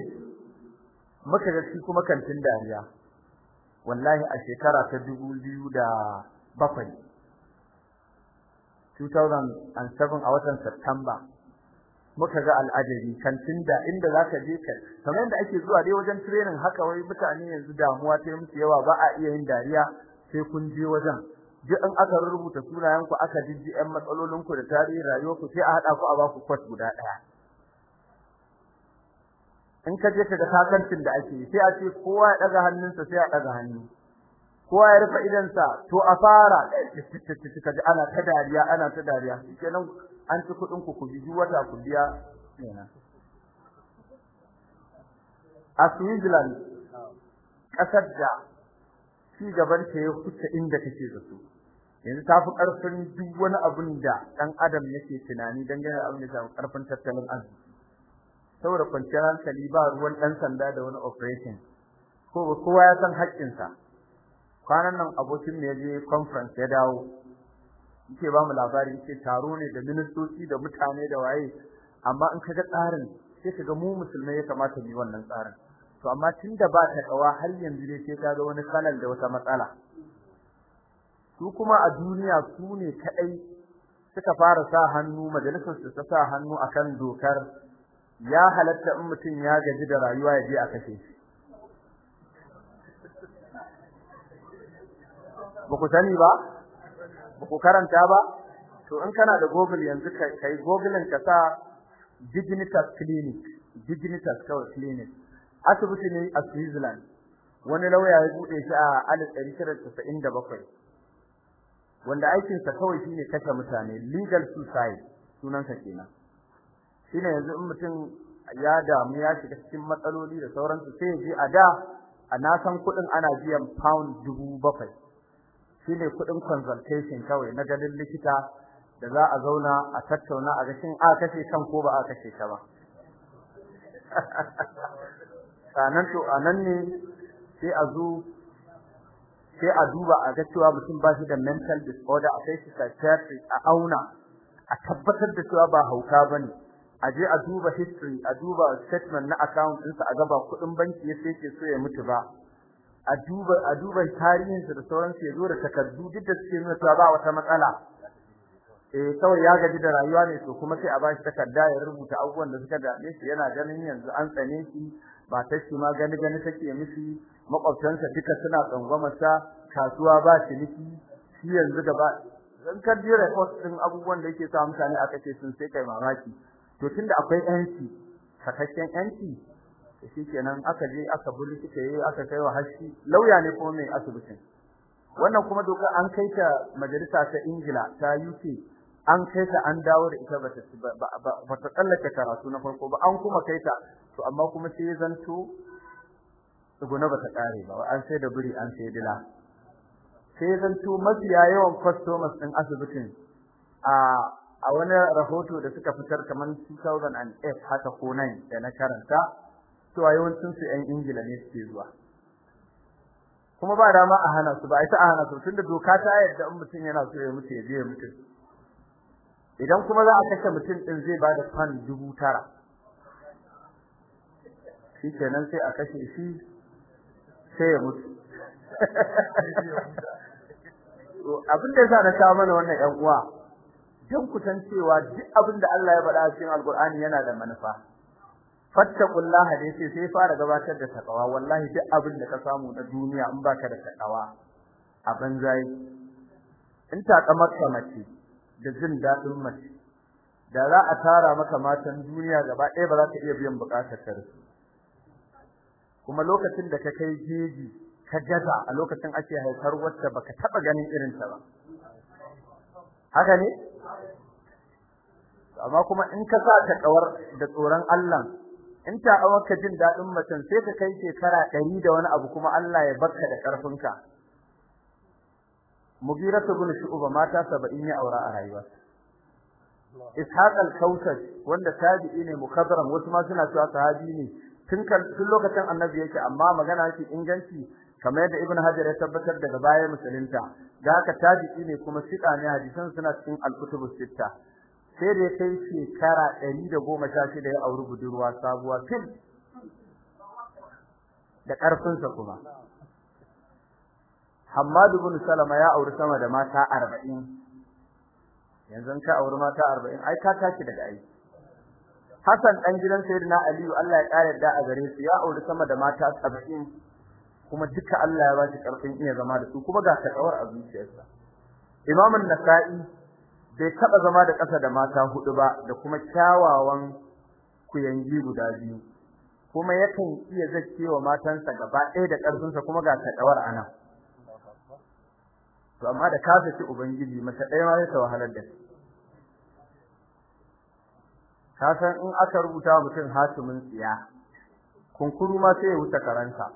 muka ga shi kuma kantin dariya wallahi a shekara ta 2007 2007 a watan September muka ga al'ajabi kantin da inda zaka je ka kamar yadda ake zuwa dai wajen training haka wai mutane yanzu damuwa ta yi musu yawa ba a iya yin dariya sai kun je wajen duk in aka rubuta sunayen ku aka jijji ɗan matsalolin ku da tarihi rayuwar ku sai a hada ku a ba ku kwas guda ɗaya in ka je ka ga da ake sai a ce kowa ya daga hannunsa sai a daga hannu kowa ya rufe idansa to a fara ka ji ana ta dariya ana ta dariya kenan an ci kudin ku ku bi wata ku biya a Switzerland kasar da ci gaban ta ya kuce inda kake da su yanzu ta fi karfin duk wani abu da dan adam yake tunani dangane da abin da ta karfin tattalin arziki saboda kwanciyar hankali ba ruwan dan sanda da wani operation ko kowa ya san haƙƙinsa kwanan nan abokin ne ya je conference ya dawo yake ba mu labari yake taro ne da ministoci da mutane da waye amma in kaga tsarin sai kaga mu musulmai ya kamata mu yi wannan tsarin to amma tunda ba ta kawa har yanzu dai sai kaga wani kalal da wata matsala su kuma a duniya su ne kadai suka fara sa hannu majalisar su ta sa hannu akan dokar ya halatta in mutum ya gaji da rayuwa ya je a kashe shi ba ku sani ba ba karanta ba to in kana da google yanzu kai google ka sa dignitas clinic dignitas kawai clinic asibiti ne a Switzerland wani lauya ya bude shi a 1997 wanda aikin sa kawai shine kashe mutane legal suicide sunan sa kenan shine yanzu in mutum ya damu ya shiga cikin matsaloli da sauransu sai ya je a da a nasan kudin ana biyan pound 7,000 shine kuɗin consultation kawai na ganin likita da za a zauna a tattauna a gashin a kace kan ko ba a kace ta ba sanan to anan ne sai a zo sai a duba a ga cewa mutum ba shi da mental disorder a kai shi psychiatric a auna a tabbatar da cewa ba hauka bane a je a duba history a duba statement na account ɗinsa a ga ba kuɗin banki ya sai so ya mutu ba a duba a tarihin su da sauran su yazo da takardu duk da suke nuna cewa ba wata matsala eh kawai ya gaji da rayuwa ne to kuma sai a bashi takarda ya rubuta abubuwan da suka dame shi yana ganin yanzu an tsane shi ba ta shi ma gani gani take mishi makwabtansa duka suna tsangwama sa kasuwa ba shi miki, shi yanzu gaba dan ka bi report din abubuwan da yake sa mutane aka ce sun sai kai mamaki to tunda akwai yanci sakakken yanci shi kenan aka je aka buli suka yi aka kai wa hashi lauya ne kuma mai asibitin wannan kuma doka an kai ta majalisa ta Ingila ta UK an kai ta an dawo da ita bata bata tsallake karatu na farko ba an kuma kai ta to amma kuma sai zanto tsuguna bata kare ba an sai da buri an sai dila sai zanto mafiya yawan customers din asibitin a a wani rahoto da suka fitar kamar 2008 haka ko 9 da na karanta cewa yawancin su ƴan Ingila ne suke zuwa kuma ba dama a hana su ba ai ta hana su tunda doka ta yadda in mutum yana so ya mutu ya je ya mutu idan kuma za a kashe mutum ɗin zai bada fan 9000 shi kenan sai a kashe shi sai ya mutu abin da yasa na sa mana wannan 'yan uwa dan kusancewa duk abin da Allah ya faɗa a cikin Alƙur'ani yana da manufa fattaqullaha dai sai sai fara gabatar da takawa wallahi duk abin da ka samu na duniya in baka da takawa a banzai in takamar ka mace da jin dadin mace da za a tara maka matan duniya gaba ɗaya ba za ka iya biyan bukatar ka kuma lokacin da ka kai jeji ka gaza a lokacin ake haifar wacce baka taba ganin irin ta ba haka ne amma kuma in ka sa ta kawar da tsoron Allah in ta awaka jin dadin mutum, sai ka kai shekara 100 da wani abu kuma Allah ya barka da karfinka Mugiratu bin Shu'ba mata 70 ya aura a rayuwa Ishaq al-Kautsar wanda tabi'i ne mukaddaram wasu ma suna cewa sahabi ne tun tun lokacin Annabi yake amma magana yake inganci kamar yadda Ibn Hajar ya tabbatar daga bayan musulunta ga haka tabi'i ne kuma shiƙa ne hadisan suna cikin al-kutubus sittah sai da ya kai shekara 116 ya auri budurwa sabuwa fil da ƙarfinsa kuma Hammad ibn Salama ya auri sama da mata 40 yanzu ka auri mata 40 ai ka tashi daga ai Hassan dan gidan Sayyidina Ali Allah ya kare da a gare su ya auri sama da mata 70 kuma duka Allah ya ba shi karfin iya zama da su kuma ga takawar a zuciyarsa Imam an-Nasa'i bai taba zama da ƙasa da mata hudu ba da kuma kyawawan kuyangi guda biyu kuma yakan iya zakkewa matansa gaba ɗaya da ƙarfinsa kuma ga takawar ana to amma da kafa ci ubangiji mace ɗaya ma sai wahalar da ka san in aka rubuta mutum hatimin tsiya kunkuru ma sai ya wuce karanta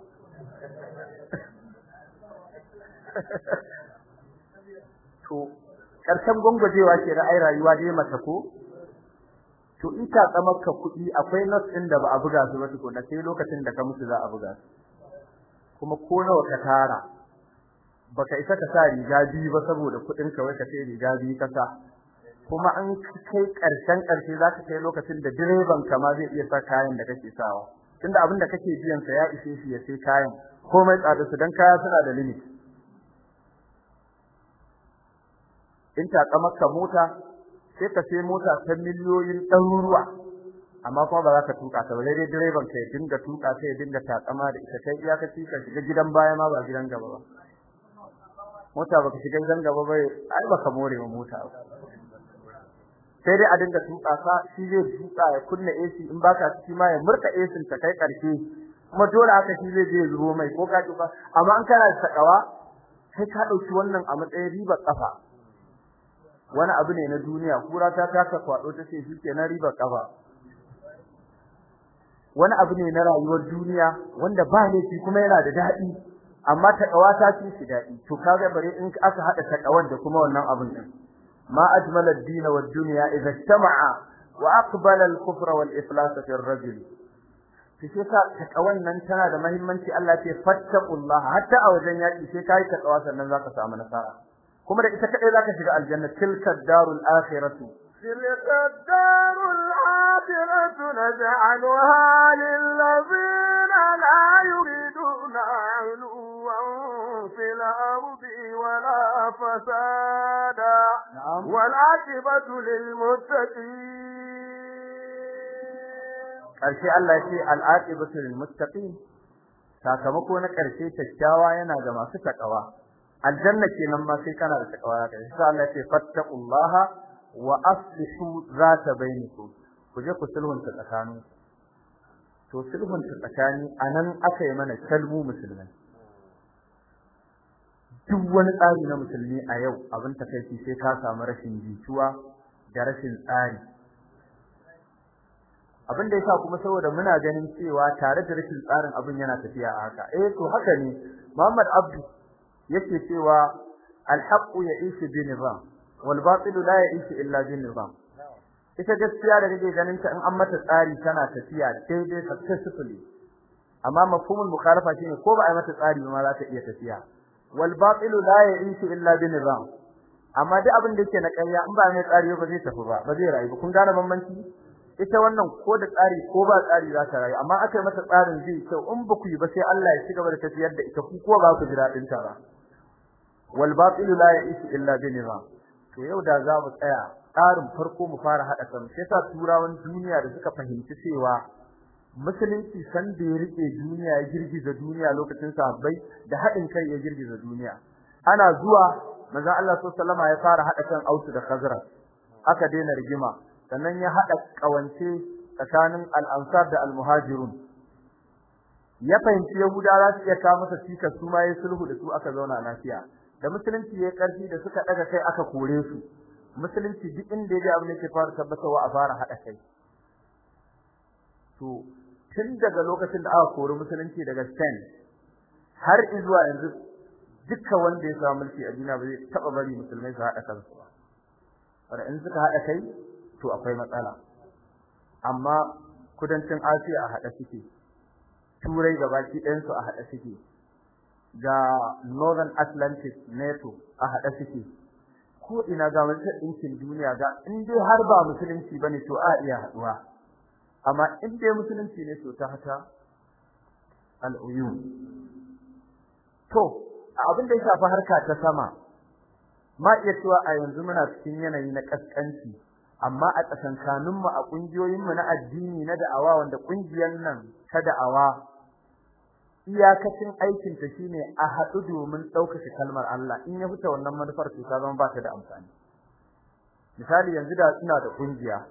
to karshen gongojewa ke da ai rayuwa dai mata ko to in ka tsamarka kuɗi akwai nas ɗin da ba a buga su ba ko da sai lokacin da ka musu za a buga su kuma ko nawa ka tara baka isa ka sa riga biyu ba saboda kuɗin ka wai ka sai riga biyu ka sa kuma an kai karshen karshe za ka kai lokacin da direban ka ma zai iya sa kayan da kake sawa tunda abin da kake biyan sa ya ishe shi ya sai kayan komai tsada su dan kaya suna da limit in taƙa maka mota sai ka sai mota ta miliyoyin ɗaruruwa amma kuma ba za ka tuka ta ba dai direban ka ya dinga tuka sai ya dinga taƙama da ita kai iya ka tuka shiga gidan baya ma ba gidan gaba ba mota ba ka shiga gidan gaba ba ai ka more wa mota ba sai dai a dinga tuka sa shi zai tuka ya kunna AC in ba ka ciki ma ya murka AC ta kai ƙarshe, kuma dole haka shi zai je zuwa mai ko ka tuka amma an kana sakawa sai ka dauki wannan a matsayin riba kafa wani abu ne na duniya kura ta kwaɗo kwado tace shike na riba kafa wani abu ne na rayuwar duniya wanda ba ne shi kuma yana da dadi amma kawa ta ci shi dadi to kaga bare in aka hada kawan da kuma wannan abun din ma ajmala ad-din wa ad-dunya idha ijtama'a wa aqbala al-kufra wal iflas fi ar-rajul sai ka kawan nan tana da muhimmanci Allah ya ce fattaqullaha hatta a wajen yaki sai kai kawa sannan zaka samu nasara kuma da ita kadai zaka shiga aljanna tilka darul akhiratu tilka darul akhiratu naj'alha lil ladzina la yuriduna 'uluwan fil ardi wala fasada wal 'aqibatu lil muttaqin karshe Allah ya ce al 'aqibatu lil muttaqin sakamako na karshe kyakkyawa yana ga masu takawa aljanna kenan ma sai kana da takawa ka insha Allah ce fattaqullaha wa aslihu zata bainakum ku je ku sulhunta tsakanin to sulhunta tsakani anan aka yi mana kalmu musulmai duk wani tsari na musulmi a yau abin ta kai sai ka samu rashin jituwa da rashin tsari abin da yasa kuma saboda muna ganin cewa tare da rashin tsarin abin yana tafiya a haka eh to haka ne Muhammad Abdu yake cewa al ya ya'ishu bi nizam wal batil la ya'ishu illa bi nizam ita gaskiya da kake ganin ta in an mata tsari tana tafiya daidai successfully amma mafhumul mukhalafa shine ko ba a mata tsari ma za ta iya tafiya wal batil la ya'ishu illa bi nizam amma duk abin da yake na ƙarya in ba mai tsari ba zai tafi ba ba zai rayu ba kun gane bambanci ita wannan ko da tsari ko ba tsari za ta rayu amma akai mata tsarin zai kyau in ba ku yi ba sai Allah ya ci gaba da tafiyar da ita ku ko ba ku jira din ta ba wal batil la ya'isu illa bi nizam to yau da za mu tsaya tsarin farko mu fara hada kan sai sa turawan duniya da suka fahimci cewa musulunci san da ya rike duniya ya girgiza duniya lokacin sahabbai da hadin kai ya girgiza duniya ana zuwa maza Allah sallallahu alaihi ya fara hada kan Ausu da Khazraj aka daina rigima sannan ya hada kawance tsakanin al-Ansar da al-Muhajirun ya fahimci Yahudawa za su iya kawo masa cikas su ma ya sulhu da su aka zauna lafiya da musulunci ya karfi da suka daga kai aka kore su musulunci duk inda ya ji abin da ke fara tabbatarwa a fara hada kai to tun daga lokacin da aka kore musulunci daga Spain har zuwa yanzu duka wanda ya samu mulki a duniya ba zai taba bari musulmai su hada kansu ba har in suka hada kai to akwai matsala amma kudancin Asiya a hada suke turai gabaki ɗayan su a hada suke ga Northern Atlantic NATO a haɗa suke ko ina ga wata ɗinkin duniya ga in dai har ba musulunci bane to a iya haɗuwa amma in dai musulunci ne to ta hata al'uyun to abin da ya shafi harka ta sama ma iya cewa a yanzu muna cikin yanayi na kaskanci amma a tsakankaninmu a ƙungiyoyinmu na addini na da'awa wanda ƙungiyar nan ta da'awa iyakacin aikin ta shine a hadu domin ɗaukaka kalmar Allah in ya huta wannan manufar to ta zama ba ta da amfani misali yanzu da ina da kungiya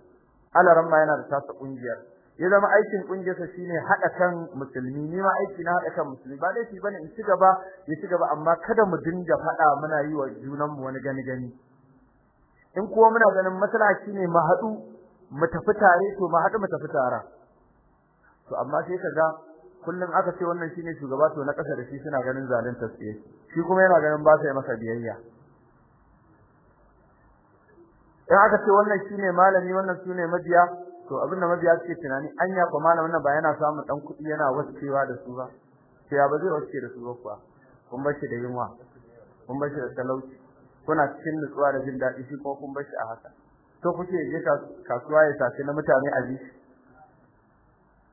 alaran ma yana da tasa kungiyar ya zama aikin ƙungiyarsa shine hada kan musulmi ni ma aiki na hada kan musulmi ba dai shi bane in ci gaba ya ci gaba amma kada mu dinga fada muna yi wa junan mu wani gani gani in kuwa muna ganin maslaha shine mu hadu mu tafi tare to mu hadu mu tafi tara to amma sai kaga kullun aka ce wannan shine shugaba to na kasa da shi suna ganin zalunta tsaye shi kuma yana ganin ba sai masa biyayya in aka ce wannan shine malami wannan shine mabiya to abinda mabiya suke tunani anya kuma malamin nan ba yana samun dan kudi yana waskewa da su ba sai ya bazai waske da su ba kuwa kun bashi da yunwa kun bashi da talauci kuna cikin nutsuwa da jin daɗi shi kuma kun bashi a haka to kuke je kasuwa ya sace na mutane a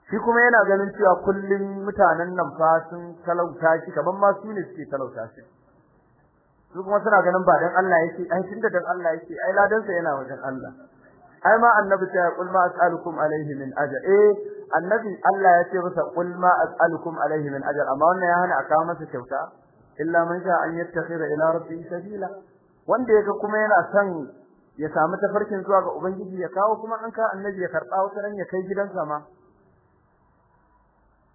shi kuma yana ganin cewa kullum mutanen nan fa sun talauta shi kaman ma su ne suke talauta shi su kuma suna ganin ba dan Allah yake ai da dan Allah yake ai ladan sa yana wajen Allah ai ma annabi ta kul ma as'alukum alaihi min ajr eh annabi Allah ya ce masa kul ma as'alukum alaihi min ajr amma wannan ya hana aka masa kyauta illa man sha an yattakhira ila rabbi sabila wanda yake kuma yana son ya samu tafarkin zuwa ga ubangiji ya kawo kuma an ka annabi ya karba wata ran ya kai gidansa ma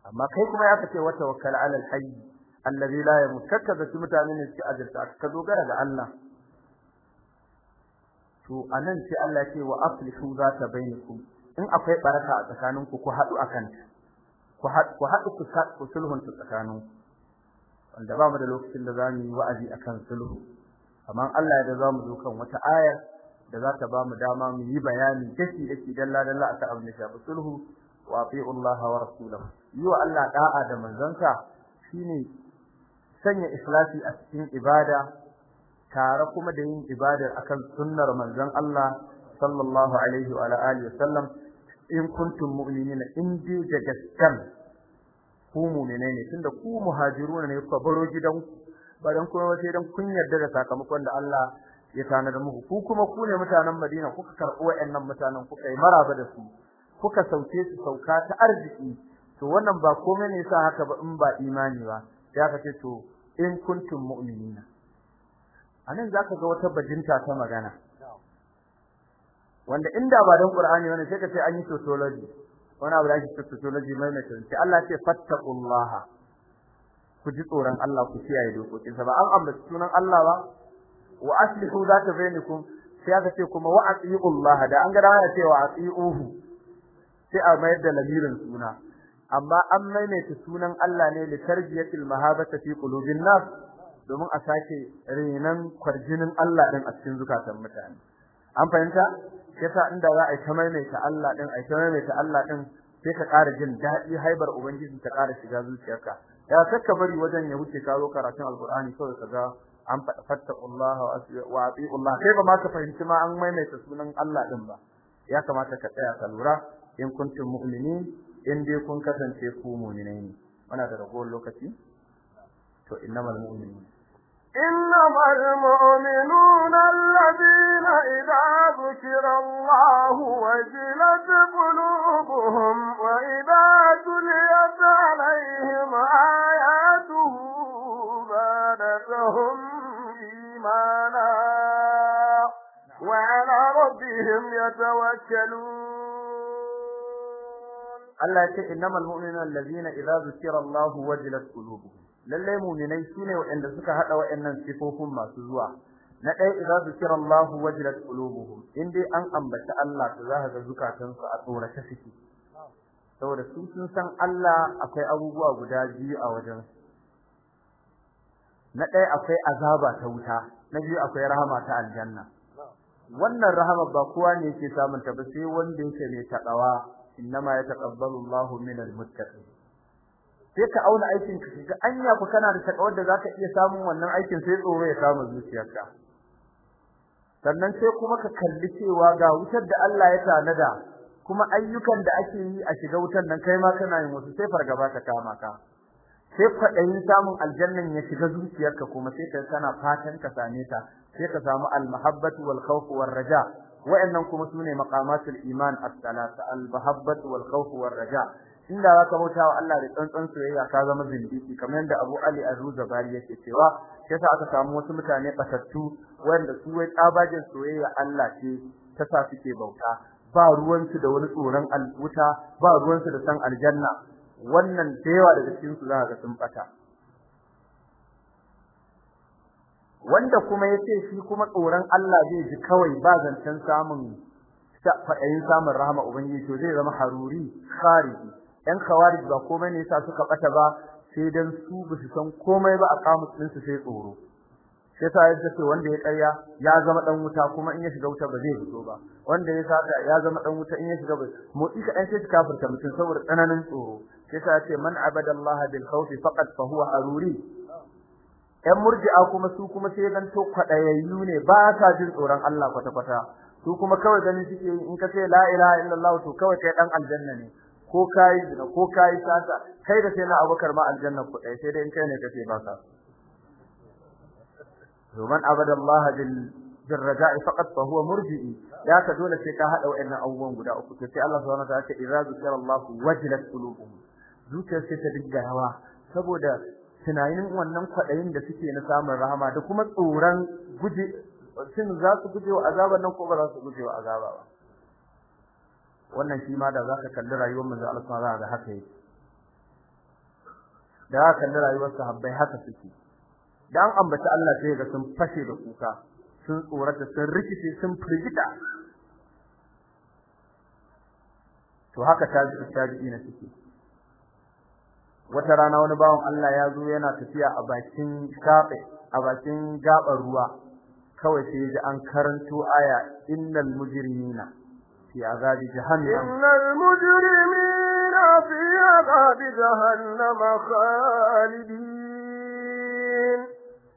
amma kai kuma ya kace wa tawakkal ala al-hayy alladhi la yamut kakkaza shi mutanen ne suke ka dogara ga Allah to anan sai Allah ce wa aflihu zata bainakum in akwai baraka a tsakaninku ku hadu akan ku hadu ku hadu ku ku sulhun tsakaninku wanda ba mu da lokacin da zamu yi wa'azi akan sulhu amma Allah ya da zamu zo kan wata ayar da za ta ba mu dama mu yi bayani dake dake dalla dalla akan abin da shafi sulhu wa fi'u Allah wa rasuluhu yi wa Allah da'a da manzansa shine sanya ikhlasi a cikin ibada tare kuma da yin ibadar akan sunnar manzon Allah sallallahu alaihi wa alihi wasallam in kuntum mu'minina in bi da ku mu'mine ne tunda ku muhajiruna ne ku baro gidan baran kuma wace dan kun yarda da sakamakon da Allah ya tanada muku ku kuma ku ne mutanen Madina kuka karbo wayannan mutanen kuka yi maraba da su kuka sauke su sauka ta arziki to wannan ba komai ne yasa haka ba in ba imani ba ya kace to in kuntum mu'minina anan zaka ga wata bajinta ta magana wanda inda ba dan Qur'ani wannan sai kace an yi sociology wani abu da ake sociology mai ne sai Allah ce fattaqullaha ku ji tsoron Allah ku kiyaye dokokin sa ba an ambaci sunan Allah ba wa aslihu zata bainakum sai aka ce kuma wa atiullaha da an ga da ana cewa atiuhu sai a mayar da lamirin suna amma an maimaita sunan Allah ne li tarbiyatil mahabata fi qulubin nas domin a sake renan kwarjinin Allah din a cikin zukatan mutane an fahimta yasa inda za a ta maimaita Allah din a ta maimaita Allah din sai ka ƙara jin daɗi haibar ubangiji ta ƙara shiga zuciyarka ya saka bari wajen ya wuce karo karatun alqur'ani ka ga an Allah wa Allah sai ba ma ka fahimci ma an maimaita sunan Allah din ba ya kamata ka tsaya ka lura in kuntum mu'minin in dai kun kasance ku mu'minai ne muna da ragowar lokaci to innamal mu'minun innamal mu'minun alladhina idha dhukira Allahu wajilat qulubuhum wa idha tuliyat alaihim ayatuhu zadatuhum imana wa ala rabbihim yatawakkalun Allah ya ce innamal mu'minuna allazina idza zukira Allah wajilat qulubuhum lalle mu'minai sune waɗanda suka hada wayannan sifofin masu zuwa na ɗaya idza zukira Allah wajilat qulubuhum indai an ambata Allah to za ga su a tsorata fiki saboda su sun san Allah akwai abubuwa guda biyu a wajen na ɗaya akwai azaba ta wuta na biyu akwai rahama ta aljanna wannan rahama ba kowa ne yake samunta ba sai wanda yake mai takawa innama yataqabbalu Allahu minal muttaqin sai ka auna aikin ka ga anya ku kana da takawar da zaka iya samun wannan aikin sai tsoro ya samu zuciyarka sannan sai kuma ka kalli cewa ga wutar da Allah ya tanada kuma ayyukan da ake yi a shiga wutar nan kai ma kana yin wasu sai fargaba ta kama ka sai yin samun aljannan ya shiga zuciyarka kuma sai ka kana fatan ka same ta sai ka samu almahabbatu wal khawf raja Wayannan kuma sune maqamatul iman as salatu al bahabbatu wal khawfu war raja inda zaka bauta wa Allah da tsantsan soyayya ka zama zindiki kamar yadda Abu Ali ar-Ruzabari yake cewa sai sa aka samu wasu mutane kasattu wanda su wai tsabagen soyayya Allah ce ta sa suke bauta ba ruwansu da wani tsoron wuta, ba ruwansu da san aljanna wannan da yawa daga cikin su za ga sun fata wanda kuma yace shi kuma tsoron Allah zai ji kawai ba zancan samun fa'ayin samun rahama ubangiji to zai zama haruri khariji ɗan khawarij ba komai ne yasa suka bata ba sai dan su ba su san komai ba a kamus din su sai tsoro sai ta yadda ce wanda ya ƙarya ya zama dan wuta kuma in ya shiga wuta ba zai fito ba wanda ya sa ya zama dan wuta in ya shiga ba motsi ka dan sai kafirta mutum saboda tsananin tsoro sai ta ce man abadallaha bil khawfi faqad fa huwa haruri ɗan murji'a kuma su kuma sai dan to kwadayayyu ne ba sa jin tsoron Allah kwata kwata su kuma kawai ganin suke in ka ce la ilaha illallah to kawai kai dan aljanna ne ko kai zina ko kai sata kai da sai na Abubakar ma aljanna ku dai sai dai in kai ne kace ba ka to man abada Allah bil fa huwa murji'i Ya ka dole sai ka hada wa'annan abubuwan guda uku sai Allah subhanahu wa ta'ala ce idza zikra Allah wajilat qulubuhum zuciyar sai ta dinga rawa saboda tunanin wannan kwaɗayin da suke na samun rahama da kuma tsoron guje shin za su guje wa azaba nan ko ba za su guje wa azaba ba wannan shi ma da za ka kalli rayuwar manzo Allah subhanahu da haka yake da ka kalli rayuwar sahabbai haka suke dan ambata Allah sai ga sun fashe da kuka sun tsorata sun rikice sun firgita to haka ta tabi'i na suke wata rana wani bawan Allah ya zo yana tafiya a bakin shafe a bakin gabar ruwa kawai sai ji an karanto aya innal mujrimina fi azabi jahannam innal mujrimina fi azabi jahannam khalidin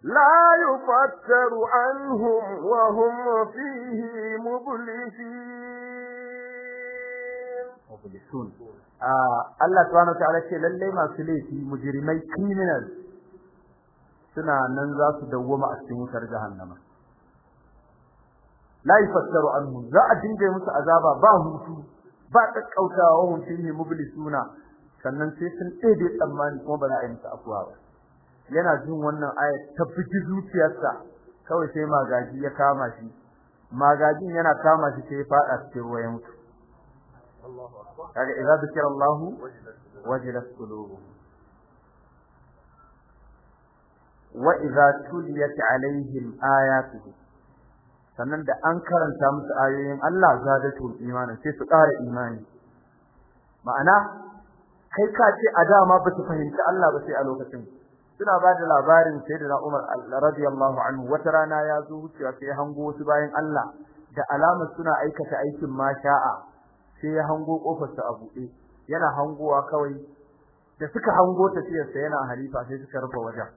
la yufattaru anhum wa hum fihi mublisun Allah subhanahu ta'ala ce lalle masu laifi mujrimai criminal suna nan za su dawo a cikin wutar jahannama la yafassaru anhu za a dinga musu azaba ba hutu ba kakkautawa hun ne mublisuna sannan sai sun dade tsammani kuma ba za a yi musu afuwa ba yana jin wannan ayat ta fiti zuciyarsa kawai sai magaji ya kama shi magajin yana kama shi sai ya fada cikin ruwa ya mutu kaga idza dhikra Allah wajilat qulubuhum wa idza tuliyat alaihim ayatuhu sannan da an karanta musu ayoyin Allah zadatul imanin sai su ƙara imani ma'ana kai ka ce a dama ba su fahimci Allah ba sai a lokacin suna ba da labarin sai da Umar radiyallahu anhu wata rana ya zo wucewa sai hango wasu bayan Allah da alamar suna aikata aikin ma sha'a sai ya hango kofar ta a buɗe yana hangowa kawai da suka hango sai sai yana halifa sai suka rufe wajen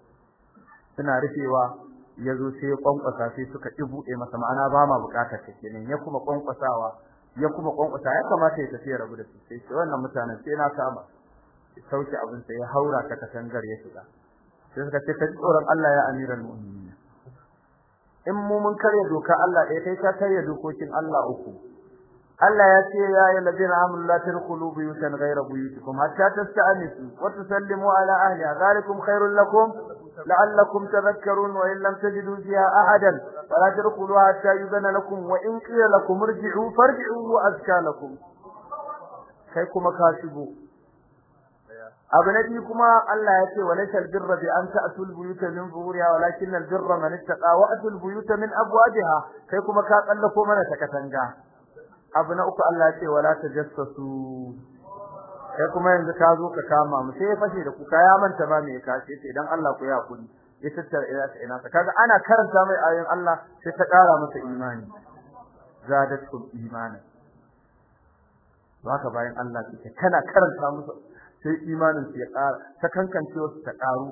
suna rufewa yazo sai ya kwankwasa sai suka buɗe masa ma'ana ba ma bukatar ta kenan ya kuma kwankwasawa ya kuma kwankwasa ya kamata ya tafi rabu da su sai sai wannan mutanen sai na kama sauki abin sai ya haura ta katangar ya shiga sai suka ce kai tsoron Allah ya amiral mu'minin in mu mun karya doka Allah ɗaya kai ka karya dokokin Allah uku ألا يأتي يا أيها الذين آمنوا لا تدخلوا بيوتا غير بيوتكم حتى تستأنسوا وتسلموا على أهلها ذلكم خير لكم لعلكم تذكرون وإن لم تجدوا فيها أحدا فلا تدخلوا حتى يبنى لكم وإن قيل لكم ارجعوا فارجعوا وأزكى لكم كيكم كاتبوا أبنائكما لا يأتي وليس البر بأن تأتوا البيوت من ظهورها ولكن البر من اتقى وأتوا البيوت من أبوابها كيكم كاتبوا من تكتنجاه abu na uku Allah ya ce wala tajassasu kai kuma yanzu ka zo ka kama mu sai ya fashe da kuka ya manta ba me ka ce sai dan Allah ku ya kuni ya tattar ila ta ina ka kaga ana karanta mai ayoyin Allah sai ta kara masa imani zadatkum imanan haka bayan Allah kike kana karanta musu sai imanin su ya kara ta kankance wasu ta karu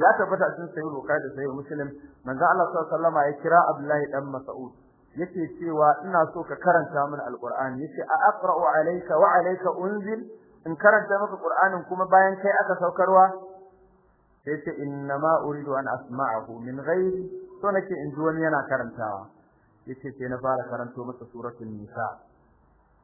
ya tabbata sun sayyid roka da sayyid muslim manzo Allah sallallahu alaihi wasallam ya kira Abdullahi dan Mas'ud yake cewa ina so ka karanta min alqur'ani yace a aqra'u alayka wa alayka unzil in karanta maka qur'anin kuma bayan kai aka saukarwa yace ce inna ma uridu an asma'ahu min ghairi to nake in ji wani yana karantawa yace sai na fara karanto masa suratul nisa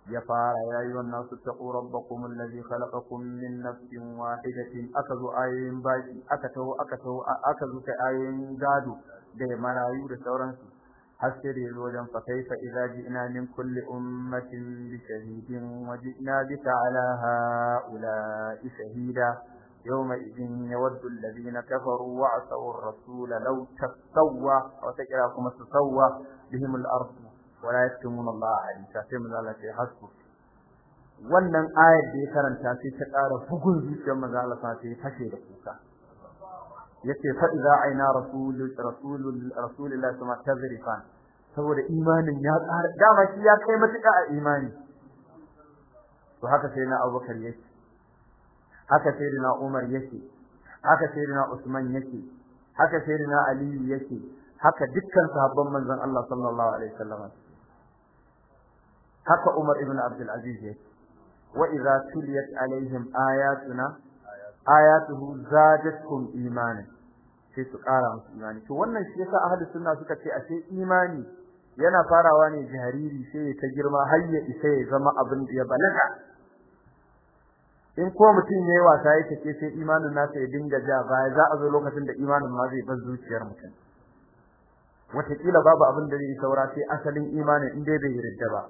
ya fara ya yi wannan su taqu rabbakum alladhi khalaqakum min nafsin wahidatin aka zo ayoyin baki aka taho aka taho aka zo kai ayoyin gado da marayu da sauransu حسر الوجن فكيف إذا جئنا من كل أمة بشهيد وجئنا بك على هؤلاء شهيدا يومئذ يود الذين كفروا وعصوا الرسول لو تسوى أو تكراكم تسوى بهم الأرض ولا يكتمون الله عليم كاتم ذلك الله آية في حسبك wannan ayar da ya karanta sai ta ƙara bugun zuciyar manzo Allah sai yace fa idza aina rasul rasul rasulullah sama tazrifan saboda imanin ya tsara dama shi ya kai matuka a imani to haka sai na Abubakar yake haka sai na Umar yake haka sai na Usman yake haka sai na Ali yake haka dukkan sahabban manzon Allah sallallahu alaihi wasallam haka Umar ibn Abdul Aziz yace wa idza tuliyat alaihim ayatuna ayatuhu zadatkum imanan sai su ƙara musu imani to wannan shi yasa ahli sunna suka ce ashe imani yana farawa ne jariri sai ta girma har ya isa ya zama abin da ya balaga in ko mutum yayi wasa yake ce sai imanin nasa ya dinga ja baya za a zo lokacin da imanin ma zai bar zuciyar mutum wataƙila babu abin da zai saura sai asalin imanin in dai bai yarda ba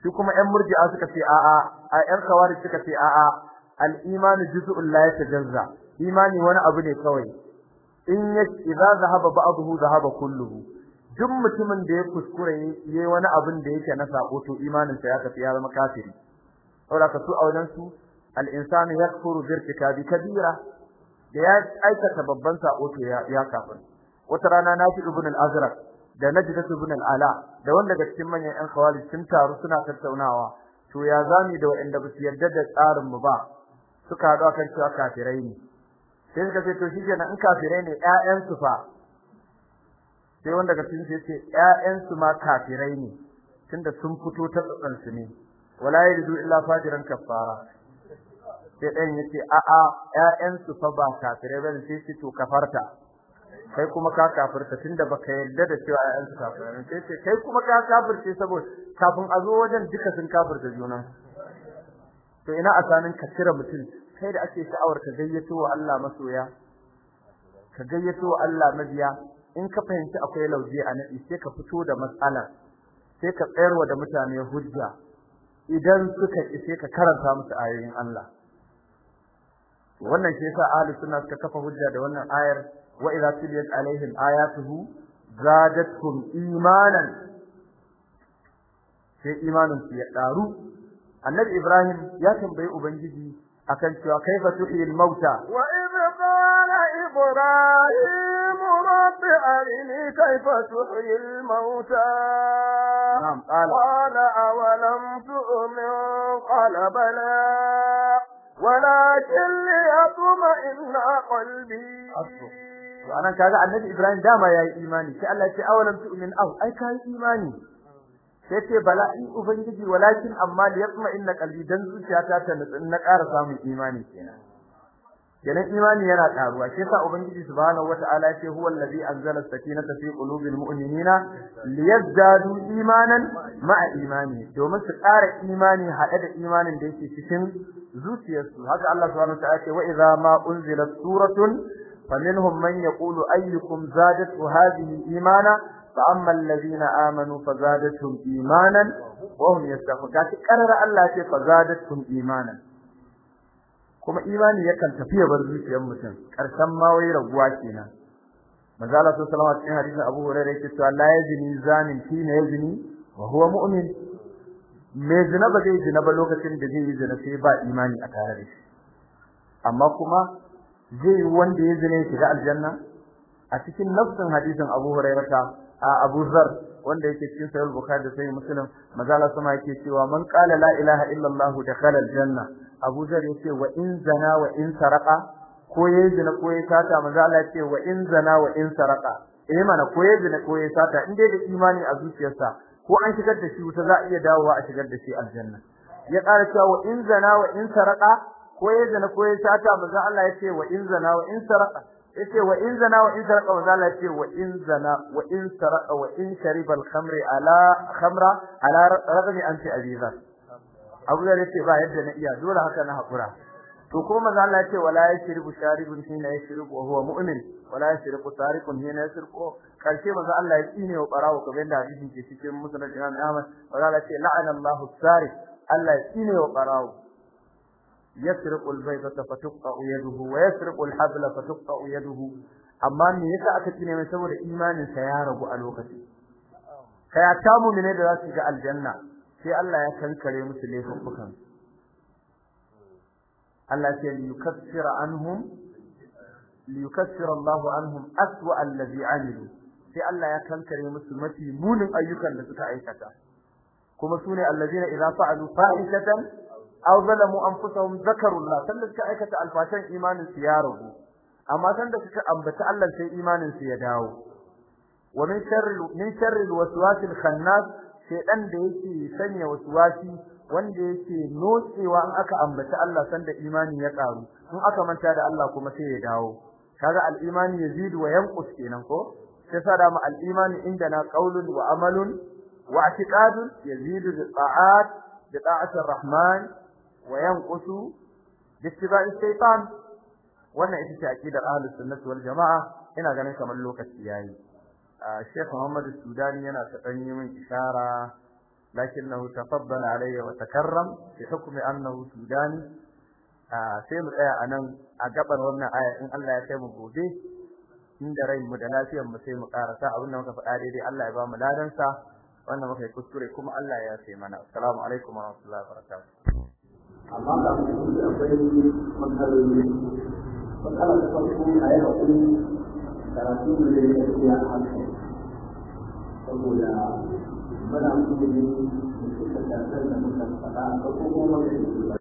shi kuma ƴan murji'a suka ce a'a a ƴan kawari suka ce a'a al-iman juz'un la yatajazza imani wani abu ne kawai in ya idza zahaba ba'dahu zahaba kulluhu duk mutumin da ya kuskure yayi wani abin da yake na sako to imanin sa ya tafi ya zama kafiri saboda ka su a wajen su al-insanu yakfuru bi irtikabi kabira da ya aikata babban sako to ya ya kafir wata rana nafi ibn al-azraq da da ibn al-ala da wanda daga cikin manyan ƴan khawarij sun taru suna tattaunawa to ya zami da waɗanda ba su yarda da tsarin mu ba suka haɗu akan cewa kafirai ne sai suka ce to nan in kafirai ne ƴaƴan su fa sai wanda ga cikin sai ce ƴaƴan su ma kafirai ne tunda sun fito ta tsatsan su ne wala yadu illa fajiran kafara sai ɗan yace a a ƴaƴan su fa ba kafirai ba sai shi to kafarta kai kuma ka kafirta tunda baka yarda da cewa ƴaƴan su kafirai sai ce kai kuma ka kafirce saboda kafin a zo wajen duka sun kafirta junan to ina asanin ka tira mutum kai da ake sha'awar ka gayyato wa Allah masoya ka gayyato wa Allah mabiya in ka fahimci akwai lauje a nadi sai ka fito da matsala sai ka tsayarwa da mutane hujja idan suka ki sai ka karanta musu ayoyin Allah wannan shi yasa ahli sunna suka kafa hujja da wannan ayar wa idza tuliyat alaihim ayatuhu zadatkum imanan sai imanin su ya daru النبي إبراهيم يأتي بي أبنجدي أكلت كيف تحيي الموتى وإذ قال إبراهيم رب أرني كيف تحيي الموتى نعم قال قال أولم تؤمن قال بلى ولكن ليطمئن قلبي أصدق وأنا كذا النبي إبراهيم دام يا إيماني كألا أولم تؤمن أو أي كان إيماني sai ce bala in ubangiji walakin amma li yatma inna qalbi dan zuciyata ta nutsu na ƙara samun imani kenan kenan imani yana karuwa sai sa ubangiji subhanahu wataala ce huwa allazi anzala sakinata fi qulubil mu'minina liyazdadu imanan ma'a imani domin su ƙara imani haɗe da imanin da yake cikin zuciyarsu haka Allah subhanahu wataala ce wa idza ma unzilat suratun فمنهم من يقول أيكم زادته هذه إيمانا فأما الذين آمنوا فزادتهم إيمانا وهم يستغفرون قرر الله فزادتهم إيمانا kuma imani yakan ya bar zuciyar mutum karshen ma wai raguwa kenan manzala sallallahu alaihi wasallam cikin hadisin Abu Hurairah yake cewa la yazni zanin me zina ba zai zina ba lokacin da zai yi zina sai ba imani a tare da shi amma kuma zai wanda ya zina shiga aljanna a cikin nafsin hadisin Abu Hurairah a Abu Zar wanda yake cikin Sahih Bukhari da Sahih Muslim mazala sama yake cewa man qala la ilaha illa Allah dakhala aljanna Abu Zar yake wa in zana wa in sarqa ko yayi zina ko yayi sata mazala yake wa in zana wa in sarqa eh mana ko yayi zina ko yayi sata in dai da imani a zuciyarsa ko an shigar da shi wuta za a iya dawowa a shigar da shi aljanna ya ƙara cewa wa in zana wa in sarqa ko ya zana ko ya sata manzo Allah ya ce wa in zana wa in sarqa yace wa in zana wa in sarqa manzo Allah ya ce wa in zana wa in sarqa wa in shariba al-khamra ala khamra ala ragmi anti aziza Abu Zar yace ba yadda na iya dole haka na hakura to kuma manzo Allah ya ce wala yashribu sharibun hina yashribu wa huwa mu'min wala yashribu tariqun hina yasriqu karshe manzo Allah ya tsine wa barawo kamar yadda hadisin ke cikin musnad Imam Ahmad wala Allah ya ce la'ana Allahu sariq Allah ya tsine wa barawo yasriqu albayta fatuqta yaduhu wa yasriqu alhabla fatuqta yaduhu amma me yasa aka ce mai saboda imanin sa ya ragu a lokaci kai ta mu'mine da zasu ga aljanna sai Allah ya kankare musu laifukan Allah ya yukaffira anhum liyukaffira Allah anhum aswa allazi amilu sai Allah ya kankare musu mafi munin ayyukan da suka aikata kuma sune allazina idza fa'alu aw zalamu anfusahum zakarullah sannan suka aikata alfashan imanin su ya rubu amma sanda suka ambata Allah sai imanin su ya dawo wa min sharri min sharri alwaswasil khannas shedan da yake sanya waswasi wanda yake notsewa an aka ambata Allah sanda imani ya karu in aka manta da Allah kuma sai ya dawo kaga al-imani yazidu wa yanqus kenan ko sai sada mu al-imani indana qaulun wa amalun wa i'tiqadun yazidu bi ta'at bi ar rahman wa yanqusu bittiba'i shaytan wannan ita ce akidar ahlus sunnah wal jamaa ina ganin kamar lokaci yayi Sheikh Muhammad Sudani yana ta dan yi min ishara lakinnahu tafaddala alayya wa takarram bi hukmi annahu Sudani sai mu tsaya anan a gaɓan wannan aya in Allah ya kai mu gobe inda rai mu da lafiyar mu sai mu karasa abin da muka faɗa daidai Allah ya ba mu ladan sa wannan muka yi kuskure kuma Allah ya sai mana assalamu alaikum wa rahmatullahi wa barakatuh amma da su da akwai matsaloli matsalar da farko a yi hakuri karatu da yi tafiya a hankali saboda muna kuma yin da suka da muka faɗa a farko kuma wanda